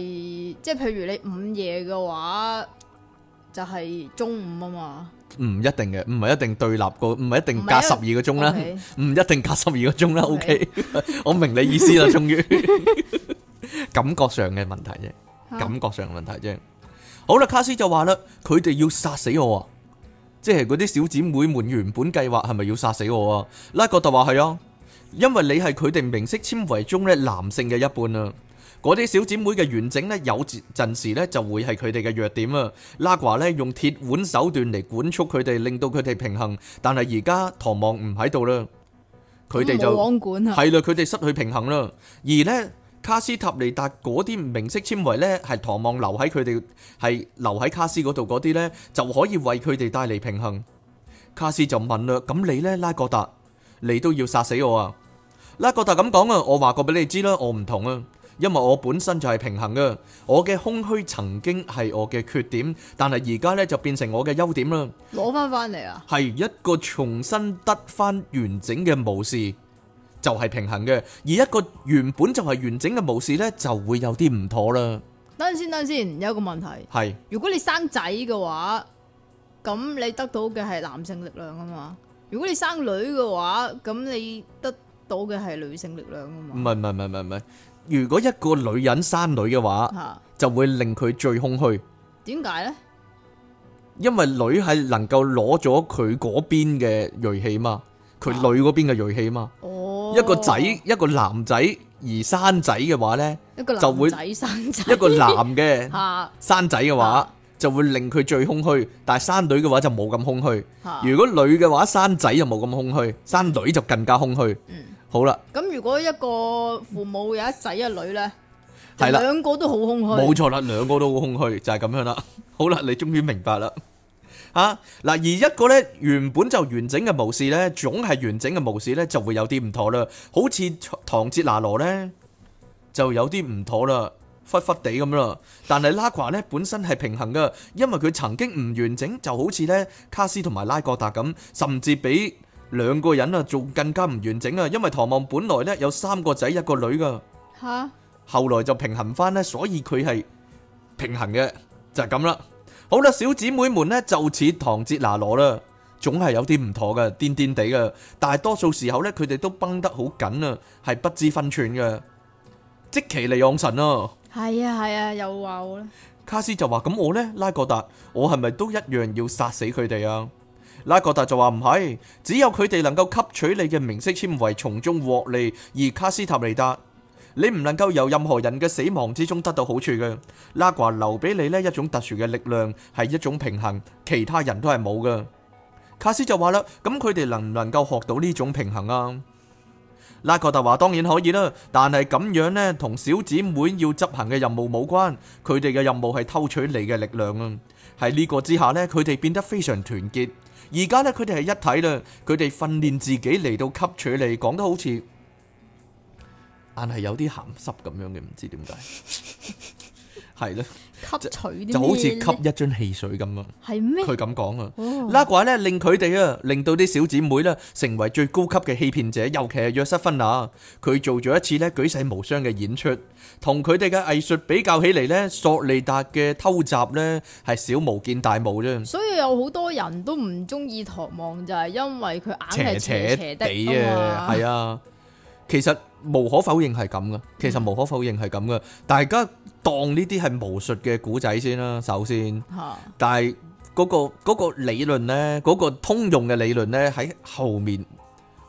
即係譬如你午夜嘅話，就係中午啊嘛。唔一定嘅，唔係一定對立過，唔係一定隔十二個鐘啦，唔一定隔十二個鐘啦。OK，我明你意思啦，終於感覺上嘅問題啫，感覺上嘅問題啫。好啦，卡斯就話啦，佢哋要殺死我啊，即係嗰啲小姐妹們原本計劃係咪要殺死我啊？拉哥就話係啊，因為你係佢哋明識纖維中咧男性嘅一半啊。嗰啲小姊妹嘅完整呢，有陣時呢就會係佢哋嘅弱點啊。拉華呢用鐵腕手段嚟管束佢哋，令到佢哋平衡。但係而家唐望唔喺度啦，佢哋就係啦，佢哋失去平衡啦。而呢卡斯塔尼達嗰啲明晰纖維呢，係唐望留喺佢哋，係留喺卡斯嗰度嗰啲呢，就可以為佢哋帶嚟平衡。卡斯就問啦：咁你呢，拉格達，你都要殺死我啊？拉格達咁講啊，我話過俾你知啦，我唔同啊。因為我本身就係平衡嘅，我嘅空虛曾經係我嘅缺點，但係而家咧就變成我嘅優點啦。攞翻翻嚟啊！係一個重新得翻完整嘅模式，就係平衡嘅。而一個原本就係完整嘅模式咧，就會有啲唔妥啦。等陣先，等陣先，有一個問題係：如果你生仔嘅話，咁你得到嘅係男性力量啊嘛；如果你生女嘅話，咁你得到嘅係女性力量啊嘛。唔係，唔係，唔係，唔係。如果一個女人生女嘅話，就會令佢最空虛。點解呢？因為女係能夠攞咗佢嗰邊嘅銳氣嘛，佢女嗰邊嘅銳氣嘛。哦，一個仔一個男仔而生仔嘅話呢，就會仔生仔一個男嘅生仔嘅話就會令佢最空虛。但係生女嘅話就冇咁空虛。如果女嘅話生仔就冇咁空虛，生女就更加空虛。嗯。好啦，咁如果一個父母有一仔一女咧，係啦，兩個都好空虛，冇錯啦，兩個都好空虛，就係咁樣啦。好啦，你終於明白啦，啊，嗱，而一個咧原本就完整嘅模式咧，總係完整嘅模式咧就會有啲唔妥啦，好似唐哲拿羅咧就有啲唔妥啦，忽忽地咁啦，但係拉華咧本身係平衡嘅，因為佢曾經唔完整，就好似咧卡斯同埋拉格達咁，甚至比。兩個人啊，仲更加唔完整啊，因為唐望本來咧有三個仔一個女噶，吓，後來就平衡翻，咧，所以佢係平衡嘅，就係咁啦。好啦，小姐妹們咧就似唐哲拿羅啦，總係有啲唔妥嘅，癲癲地嘅，但係多數時候咧佢哋都繃得好緊啊，係不知分寸嘅，即奇利昂神咯。係啊係啊，又話我啦，卡斯就話咁我咧，拉格達，我係咪都一樣要殺死佢哋啊？拉哥特就話唔係，只有佢哋能夠吸取你嘅明色纖維，從中獲利，而卡斯塔尼達，你唔能夠由任何人嘅死亡之中得到好處嘅。拉哥留俾你呢一種特殊嘅力量，係一種平衡，其他人都係冇嘅。卡斯就話啦，咁佢哋能唔能夠學到呢種平衡啊？拉哥特話當然可以啦，但係咁樣呢同小姊妹要執行嘅任務冇關，佢哋嘅任務係偷取你嘅力量啊。喺呢個之下呢，佢哋變得非常團結。而家咧，佢哋係一體啦。佢哋訓練自己嚟到吸取你，講得好似，但係有啲鹹濕咁樣嘅，唔知點解，係咯？吸取就好似吸一樽汽水咁啊！係咩？佢咁講啊！拉怪咧，令佢哋啊，令到啲小姐妹啦，成為最高級嘅欺騙者，尤其係約瑟芬娜，佢做咗一次咧舉世無雙嘅演出。同佢哋嘅藝術比較起嚟咧，索利達嘅偷襲咧係小巫見大巫啫。所以有好多人都唔中意唐望就係、是、因為佢硬係斜斜地啊，係啊，其實無可否認係咁噶，其實無可否認係咁噶。大家當呢啲係巫術嘅古仔先啦，首先，但係嗰、那個、那個理論咧，嗰、那個通用嘅理論咧喺後面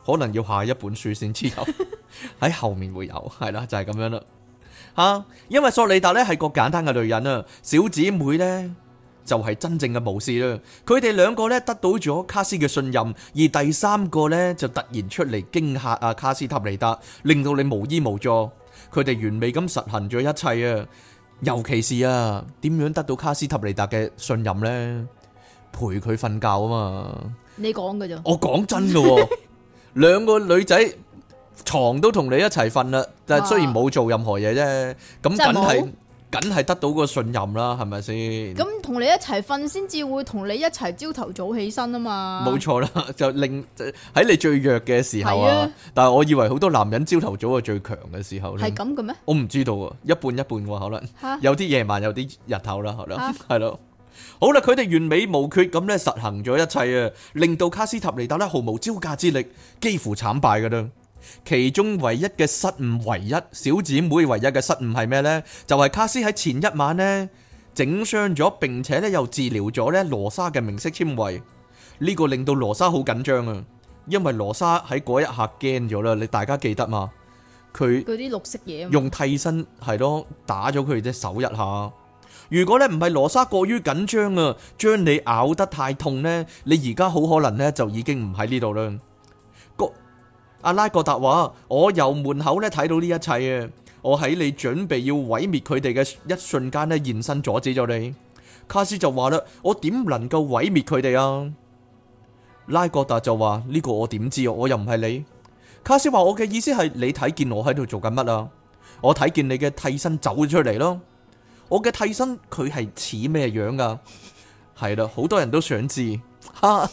可能要下一本書先至有，喺 後面會有，係啦、啊，就係、是、咁樣啦。啊，因為索莉達咧係個簡單嘅女人啊，小姐妹呢就係、是、真正嘅謀士啦。佢哋兩個咧得到咗卡斯嘅信任，而第三個呢就突然出嚟驚嚇啊卡斯塔利達，令到你無依無助。佢哋完美咁實行咗一切啊，尤其是啊點樣得到卡斯塔利達嘅信任呢？陪佢瞓覺啊嘛？你講嘅啫，我講真嘅，兩 個女仔。床都同你一齊瞓啦，但係雖然冇做任何嘢啫，咁梗係梗係得到個信任啦，係咪先？咁同、嗯、你一齊瞓先至會同你一齊朝頭早起身啊嘛。冇錯啦，就令喺你最弱嘅時候啊。但係我以為好多男人朝頭早係最強嘅時候咧。係咁嘅咩？我唔知道啊，一半一半可能,可能。有啲夜晚，有啲日頭啦，可能係咯。好啦，佢哋完美無缺咁咧，實行咗一切啊，令到卡斯塔尼達咧毫無招架之力，幾乎慘敗噶啦。其中唯一嘅失誤，唯一小姊妹唯一嘅失誤係咩呢？就係、是、卡斯喺前一晚呢，整傷咗，並且呢又治療咗呢羅莎嘅明色纖維。呢、這個令到羅莎好緊張啊，因為羅莎喺嗰一下驚咗啦。你大家記得嘛？佢啲綠色嘢用替身係咯打咗佢隻手一下。如果呢唔係羅莎過於緊張啊，將你咬得太痛呢，你而家好可能呢，就已經唔喺呢度啦。.阿拉格達話：我由門口咧睇到呢一切啊！我喺你準備要毀滅佢哋嘅一瞬間咧現身阻止咗你。卡斯就話啦：我點能夠毀滅佢哋啊？拉格達就話：呢個我點知？我又唔係你。卡斯話：我嘅意思係你睇見我喺度做緊乜啊？我睇見你嘅替身走出嚟咯。我嘅替身佢係似咩樣噶？係啦，好多人都想知，哈哈，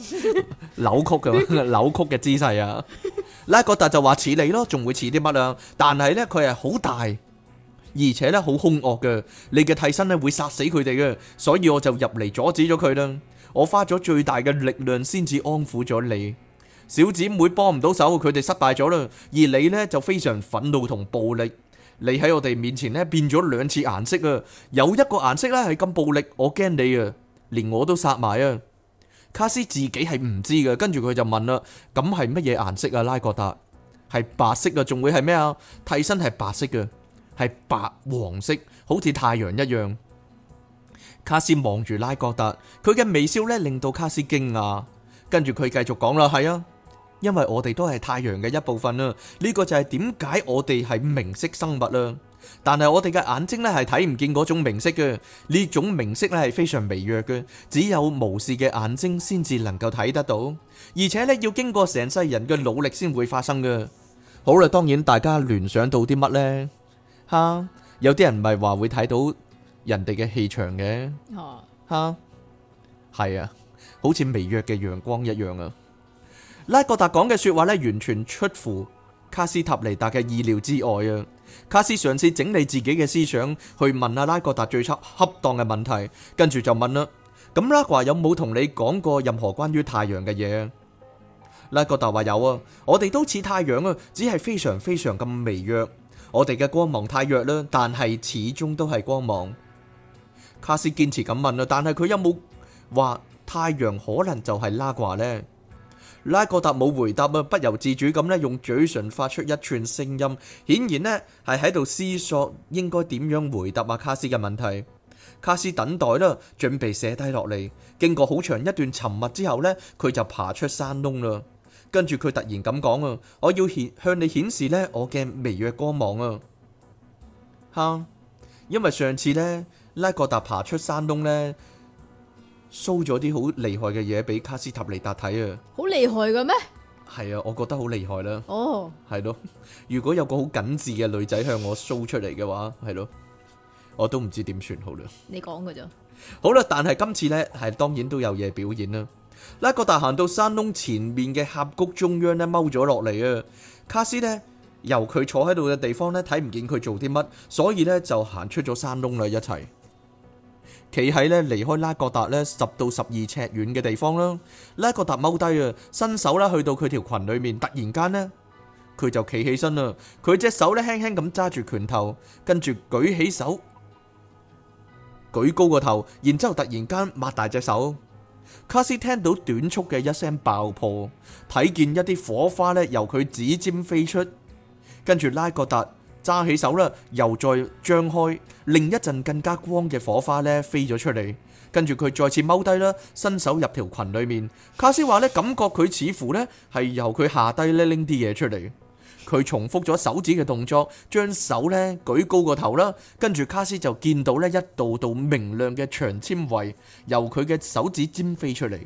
扭曲嘅扭曲嘅姿勢啊！拉哥特就話似你咯，仲會似啲乜啊？但係呢，佢係好大，而且呢，好凶惡嘅。你嘅替身咧會殺死佢哋嘅，所以我就入嚟阻止咗佢啦。我花咗最大嘅力量先至安撫咗你。小姊妹幫唔到手，佢哋失敗咗啦。而你呢，就非常憤怒同暴力。你喺我哋面前咧變咗兩次顏色啊！有一個顏色咧係咁暴力，我驚你啊，連我都殺埋啊！卡斯自己係唔知嘅，跟住佢就問啦：咁係乜嘢顏色啊？拉格達係白色啊，仲會係咩啊？替身係白色嘅，係白黃色，好似太陽一樣。卡斯望住拉格達，佢嘅微笑呢，令到卡斯驚訝。跟住佢繼續講啦：係啊，因為我哋都係太陽嘅一部分啦。呢個就係點解我哋係明色生物啦。但係我哋嘅眼睛咧係睇唔見嗰種明色嘅，呢種明色咧係非常微弱嘅，只有巫師嘅眼睛先至能夠睇得到，而且呢，要經過成世人嘅努力先會發生嘅。好啦，當然大家聯想到啲乜呢？吓，有啲人唔係話會睇到人哋嘅氣場嘅，吓、oh.，係啊，好似微弱嘅陽光一樣啊！拉各達講嘅說話呢，完全出乎卡斯塔尼達嘅意料之外啊！卡斯嘗試整理自己嘅思想，去問阿拉格達最恰恰當嘅問題，跟住就問啦。咁拉瓜有冇同你講過任何關於太陽嘅嘢？拉格達話有啊，我哋都似太陽啊，只係非常非常咁微弱，我哋嘅光芒太弱啦，但係始終都係光芒。卡斯堅持咁問啦，但係佢有冇話太陽可能就係拉瓜呢？」拉哥達冇回答啊，不由自主咁咧用嘴唇發出一串聲音，顯然咧係喺度思索應該點樣回答阿卡斯嘅問題。卡斯等待啦，準備寫低落嚟。經過好長一段沉默之後呢，佢就爬出山窿啦。跟住佢突然咁講啊，我要顯向你顯示呢我嘅微弱光芒啊！哈，因為上次呢，拉哥達爬出山窿呢。show 咗啲好厲害嘅嘢俾卡斯塔尼達睇啊！好厲害嘅咩？係啊，我覺得好厲害啦。哦，係咯。如果有個好緊緻嘅女仔向我 show 出嚟嘅話，係咯，我都唔知點算好啦。你講嘅咋？好啦。但係今次呢，係當然都有嘢表演啦。拉哥達行到山窿前面嘅峽谷中央呢，踎咗落嚟啊！卡斯呢，由佢坐喺度嘅地方呢，睇唔見佢做啲乜，所以呢，就行出咗山窿喇一齊。企喺咧，離開拉各達咧，十到十二尺遠嘅地方啦。拉各達踎低啊，伸手啦，去到佢條裙裏面，突然間呢，佢就企起身啦。佢隻手咧，輕輕咁揸住拳頭，跟住舉起手，舉高個頭，然之後突然間擘大隻手。卡斯聽到短促嘅一聲爆破，睇見一啲火花咧，由佢指尖飛出，跟住拉各達，揸起手啦，又再張開，另一陣更加光嘅火花咧飛咗出嚟。跟住佢再次踎低啦，伸手入條裙裏面。卡斯話咧，感覺佢似乎咧係由佢下低咧拎啲嘢出嚟。佢重複咗手指嘅動作，將手咧舉高個頭啦。跟住卡斯就見到咧一道道明亮嘅長纖維由佢嘅手指尖飛出嚟。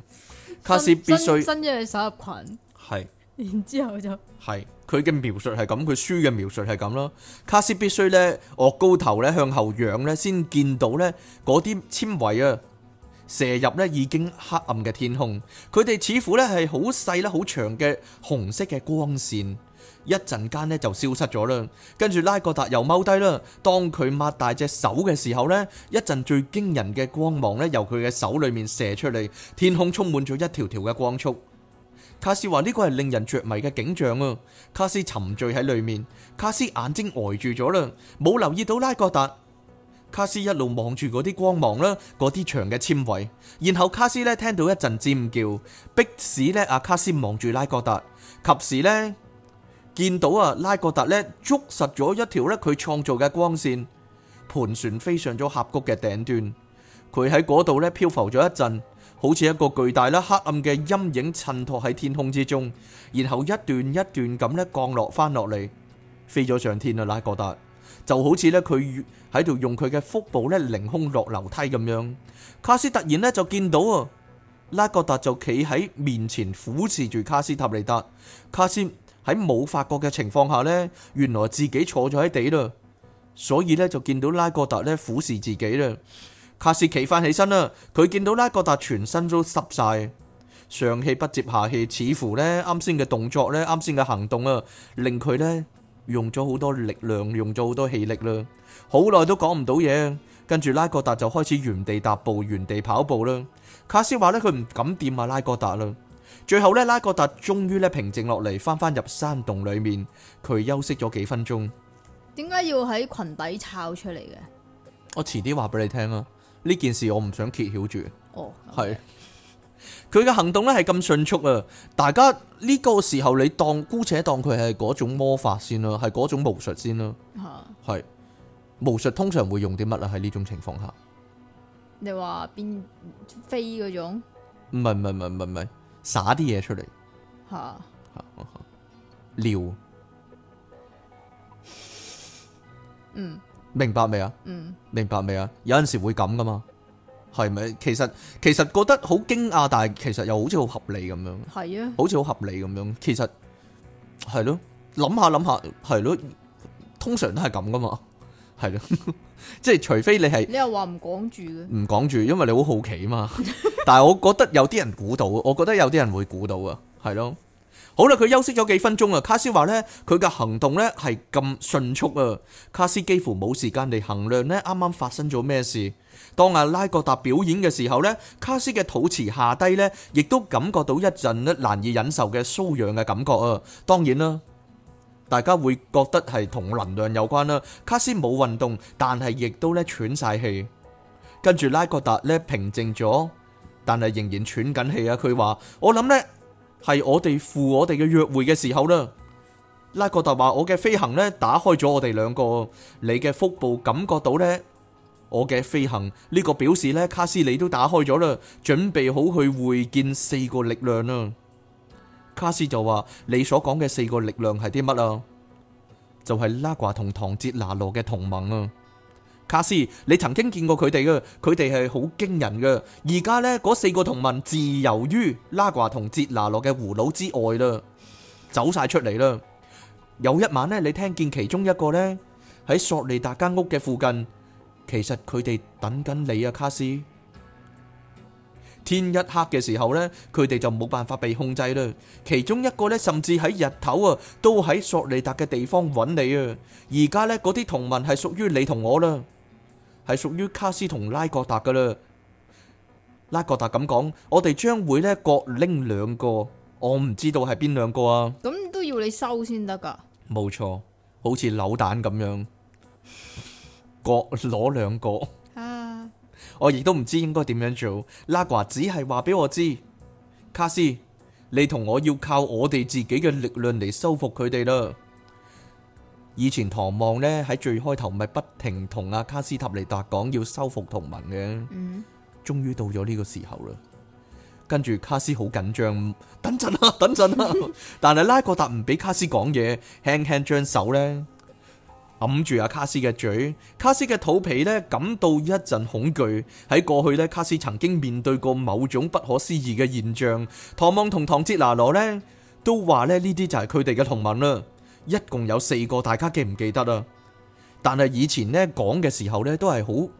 卡斯必須伸咗隻手入裙，係是，然之後就係。佢嘅描述係咁，佢書嘅描述係咁咯。卡斯必須咧，我高頭咧向後仰咧，先見到咧嗰啲纖維啊射入咧已經黑暗嘅天空。佢哋似乎咧係好細啦，好長嘅紅色嘅光線，一陣間咧就消失咗啦。跟住拉格達又踎低啦。當佢擘大隻手嘅時候咧，一陣最驚人嘅光芒咧由佢嘅手裏面射出嚟，天空充滿咗一條條嘅光束。卡斯話呢個係令人着迷嘅景象啊！卡斯沉醉喺裏面，卡斯眼睛呆住咗啦，冇留意到拉各達。卡斯一路望住嗰啲光芒啦，嗰啲長嘅纖維。然後卡斯咧聽到一陣尖叫，迫使咧阿、啊、卡斯望住拉各達，及時咧見到啊拉各達咧捉實咗一條咧佢創造嘅光線，盤旋飛上咗峽谷嘅頂端。佢喺嗰度咧漂浮咗一陣。好似一個巨大咧黑暗嘅陰影襯托喺天空之中，然後一段一段咁咧降落翻落嚟，飛咗上天啦！拉各達就好似咧佢喺度用佢嘅腹部咧凌空落樓梯咁樣。卡斯突然咧就見到啊，拉各達就企喺面前俯視住卡斯塔利達。卡斯喺冇發覺嘅情況下咧，原來自己坐咗喺地啦，所以咧就見到拉各達咧俯視自己啦。卡斯企翻起身啦，佢見到拉哥達全身都濕晒，上氣不接下氣，似乎呢啱先嘅動作，呢啱先嘅行動啊，令佢呢用咗好多力量，用咗好多氣力啦，好耐都講唔到嘢。跟住拉哥達就開始原地踏步，原地跑步啦。卡斯話呢，佢唔敢掂啊拉哥達啦，最後呢，拉哥達終於呢，平靜落嚟，翻返入山洞裏面，佢休息咗幾分鐘。點解要喺裙底抄出嚟嘅？我遲啲話俾你聽啊。呢件事我唔想揭曉住，係佢嘅行動咧係咁迅速啊！大家呢個時候，你當姑且當佢係嗰種魔法先啦，係嗰種巫術先啦。係 Huh? 巫術通常會用啲乜啊？喺呢種情況下，你話變飛嗰種？唔係唔係唔係唔係，灑啲嘢出嚟吓吓撩嗯。明白未啊？嗯，明白未啊？有陣時會咁噶嘛，係咪？其實其實覺得好驚訝，但係其實又好似好合理咁樣。係是啊，好似好合理咁樣。其實係咯，諗下諗下，係咯，通常都係咁噶嘛。係咯，即 係除非你係你又話唔講住嘅，唔講住，因為你好好奇嘛。但係我覺得有啲人估到，我覺得有啲人會估到啊，係咯。好啦，佢休息咗幾分鐘啊。卡斯話呢，佢嘅行動呢係咁迅速啊。卡斯幾乎冇時間嚟衡量呢，啱啱發生咗咩事。當阿拉格達表演嘅時候呢，卡斯嘅肚臍下低呢，亦都感覺到一陣呢難以忍受嘅瘙癢嘅感覺啊。當然啦，大家會覺得係同能量有關啦。卡斯冇運動，但係亦都咧喘晒氣。跟住拉格達咧平靜咗，但係仍然喘緊氣啊。佢話我諗呢。係我哋赴我哋嘅約會嘅時候啦，拉格達話我嘅飛行呢，打開咗我哋兩個，你嘅腹部感覺到呢？我嘅飛行呢、呢個表示呢，卡斯你都打開咗啦，準備好去會見四個力量啦、啊。卡斯就話你所講嘅四個力量係啲乜啊？就係、是、拉掛同唐哲拿羅嘅同盟啊。卡斯，你曾經見過佢哋嘅，佢哋係好驚人嘅。而家呢，嗰四個同盟自由於拉瓜同杰拿洛嘅葫蘆之外啦，走晒出嚟啦。有一晚呢，你聽見其中一個呢，喺索利達間屋嘅附近，其實佢哋等緊你啊，卡斯。天一黑嘅時候呢，佢哋就冇辦法被控制啦。其中一個呢，甚至喺日頭啊，都喺索利達嘅地方揾你啊。而家呢，嗰啲同盟係屬於你同我啦。係屬於卡斯同拉格達噶啦，拉格達咁講，我哋將會咧各拎兩個，我唔知道係邊兩個啊。咁都要你收先得噶。冇錯，好似扭蛋咁樣，各攞兩個。 啊！我亦都唔知應該點樣做。拉華只係話俾我知，卡斯，你同我要靠我哋自己嘅力量嚟收復佢哋啦。以前唐望呢，喺最開頭咪不停同阿卡斯塔尼達講要收復同盟嘅，嗯、終於到咗呢個時候啦。跟住卡斯好緊張，等陣啊，等陣啊！ 但係拉各達唔俾卡斯講嘢，輕輕將手呢揞住阿卡斯嘅嘴。卡斯嘅肚皮呢，感到一陣恐懼。喺過去呢，卡斯曾經面對過某種不可思議嘅現象。唐望同唐哲拿羅呢，都話呢，呢啲就係佢哋嘅同盟啦。一共有四個，大家記唔記得啊？但係以前呢，講嘅時候呢都係好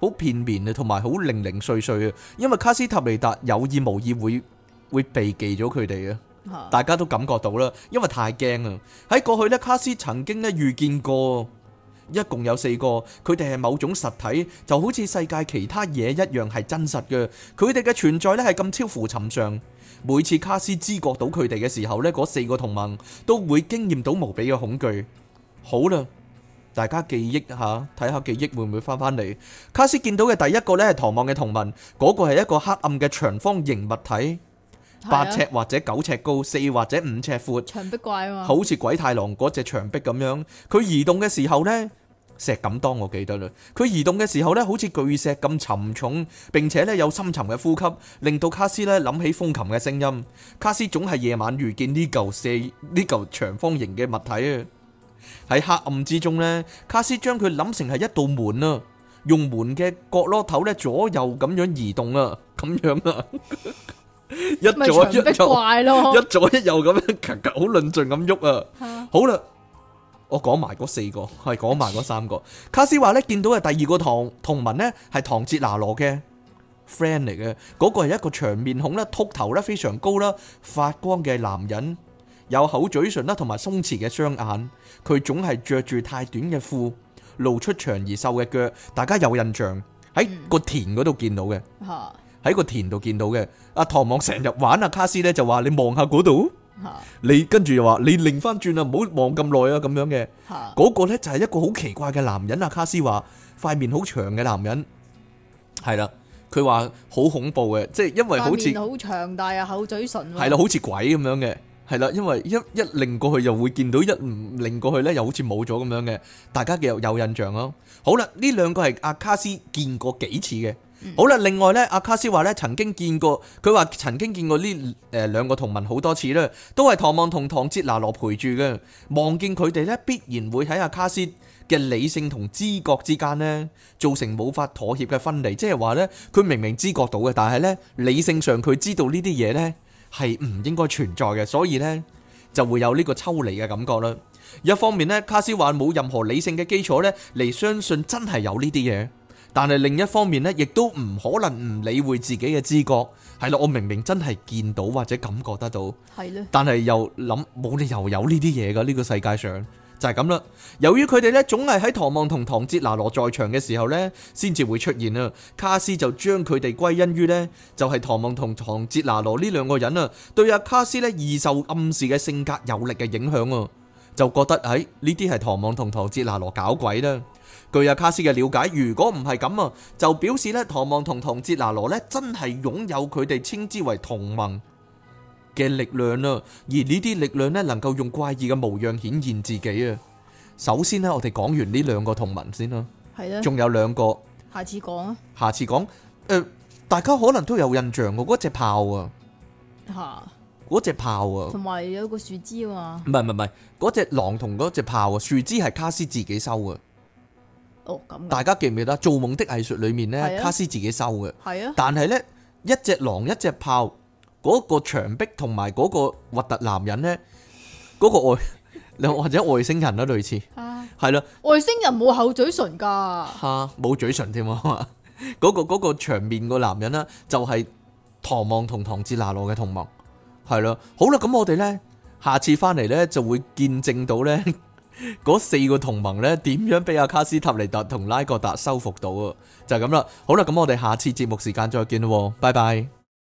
好片面啊，同埋好零零碎碎啊。因為卡斯塔尼達有意無意會會避忌咗佢哋啊，大家都感覺到啦，因為太驚啊。喺過去呢，卡斯曾經呢遇見過。一共有四個，佢哋係某種實體，就好似世界其他嘢一樣係真實嘅。佢哋嘅存在呢係咁超乎尋常。每次卡斯知覺到佢哋嘅時候呢，嗰四個同盟都會經驗到無比嘅恐懼。好啦，大家記憶下，睇下記憶會唔會翻返嚟。卡斯見到嘅第一個呢係唐望嘅同盟，嗰個係一個黑暗嘅長方形物體。八尺或者九尺高，四或者五尺闊，牆壁怪嘛，好似鬼太郎嗰隻牆壁咁樣。佢移動嘅時候咧，石敢當我記得啦。佢移動嘅時候咧，好似巨石咁沉重，並且咧有深沉嘅呼吸，令到卡斯咧諗起風琴嘅聲音。卡斯總係夜晚遇見呢嚿石，呢嚿長方形嘅物體啊。喺黑暗之中咧，卡斯將佢諗成係一道門啦，用門嘅角落頭咧左右咁樣移動啊，咁樣啊。一左一右咯，一左一右咁樣夾夾，好論盡咁喐啊！好啦，我講埋嗰四個，係講埋嗰三個。卡斯話咧見到嘅第二個唐同文咧，係唐哲拿羅嘅 friend 嚟嘅。嗰個係一個長面孔啦、禿頭啦、非常高啦、發光嘅男人，有厚嘴唇啦，同埋鬆弛嘅雙眼。佢總係着住太短嘅褲，露出長而瘦嘅腳。大家有印象喺個田嗰度見到嘅。喺個田度見到嘅，阿唐望成日玩阿卡斯咧，就話你望下嗰度，你跟住又話你擰翻轉啊，唔好望咁耐啊，咁樣嘅。嗰個咧就係一個好奇怪嘅男人，阿卡斯話塊面好長嘅男人，係啦，佢話好恐怖嘅，即係因為好似好長大啊，口嘴唇係啦，好似鬼咁樣嘅，係啦，因為一一擰過去就會見到一唔擰過去咧，又好似冇咗咁樣嘅，大家有有印象咯。好啦，呢兩個係阿卡斯見過幾次嘅。好啦，另外咧，阿卡斯話咧，曾經見過，佢話曾經見過呢誒兩個同盟好多次啦，都係唐望同唐哲拿羅陪住嘅，望見佢哋咧，必然會喺阿卡斯嘅理性同知覺之間呢，造成冇法妥協嘅分離，即係話呢，佢明明知覺到嘅，但係呢，理性上佢知道呢啲嘢呢，係唔應該存在嘅，所以呢，就會有呢個抽離嘅感覺啦。一方面呢，卡斯話冇任何理性嘅基礎呢，嚟相信真係有呢啲嘢。但係另一方面呢亦都唔可能唔理會自己嘅知覺，係啦，我明明真係見到或者感覺得到，係啦，但係又諗冇理由有呢啲嘢噶，呢個世界上就係咁啦。由於佢哋呢，總係喺唐望同唐哲拿羅在場嘅時候呢，先至會出現啊。卡斯就將佢哋歸因於呢，就係唐望同唐哲拿羅呢兩個人啊，對阿卡斯呢，易受暗示嘅性格有力嘅影響啊，就覺得誒呢啲係唐望同唐哲拿羅搞鬼啦。據阿卡斯嘅了解，如果唔係咁啊，就表示咧唐望同唐哲拿羅咧真係擁有佢哋稱之為同盟嘅力量啦。而呢啲力量呢，能夠用怪異嘅模樣顯現自己啊。首先呢，我哋講完呢兩個同盟先啦，係啊的，仲有兩個，下次講啊，下次講。誒、呃，大家可能都有印象嘅嗰隻豹啊，吓哈，嗰隻豹啊，同埋有，有個樹枝啊，唔係唔係唔係，嗰隻狼同嗰隻豹啊，樹枝係卡斯自己收啊。大家記唔記得《做夢的藝術》裏面咧，卡斯自己收嘅。係啊。但係咧，一隻狼，一隻豹，嗰個牆壁同埋嗰個核突男人咧，嗰個外，又或者外星人啦，類似。啊。係咯。外星人冇後嘴唇噶。吓，冇嘴唇添啊！嗰個嗰個場面個男人啦，就係唐望同唐志拿羅嘅同盟。係咯。好啦，咁我哋咧，下次翻嚟咧就會見證到咧。嗰 四個同盟呢，點樣畀阿卡斯塔尼達同拉各達收復到啊？就係咁啦，好啦，咁我哋下次節目時間再見咯，拜拜。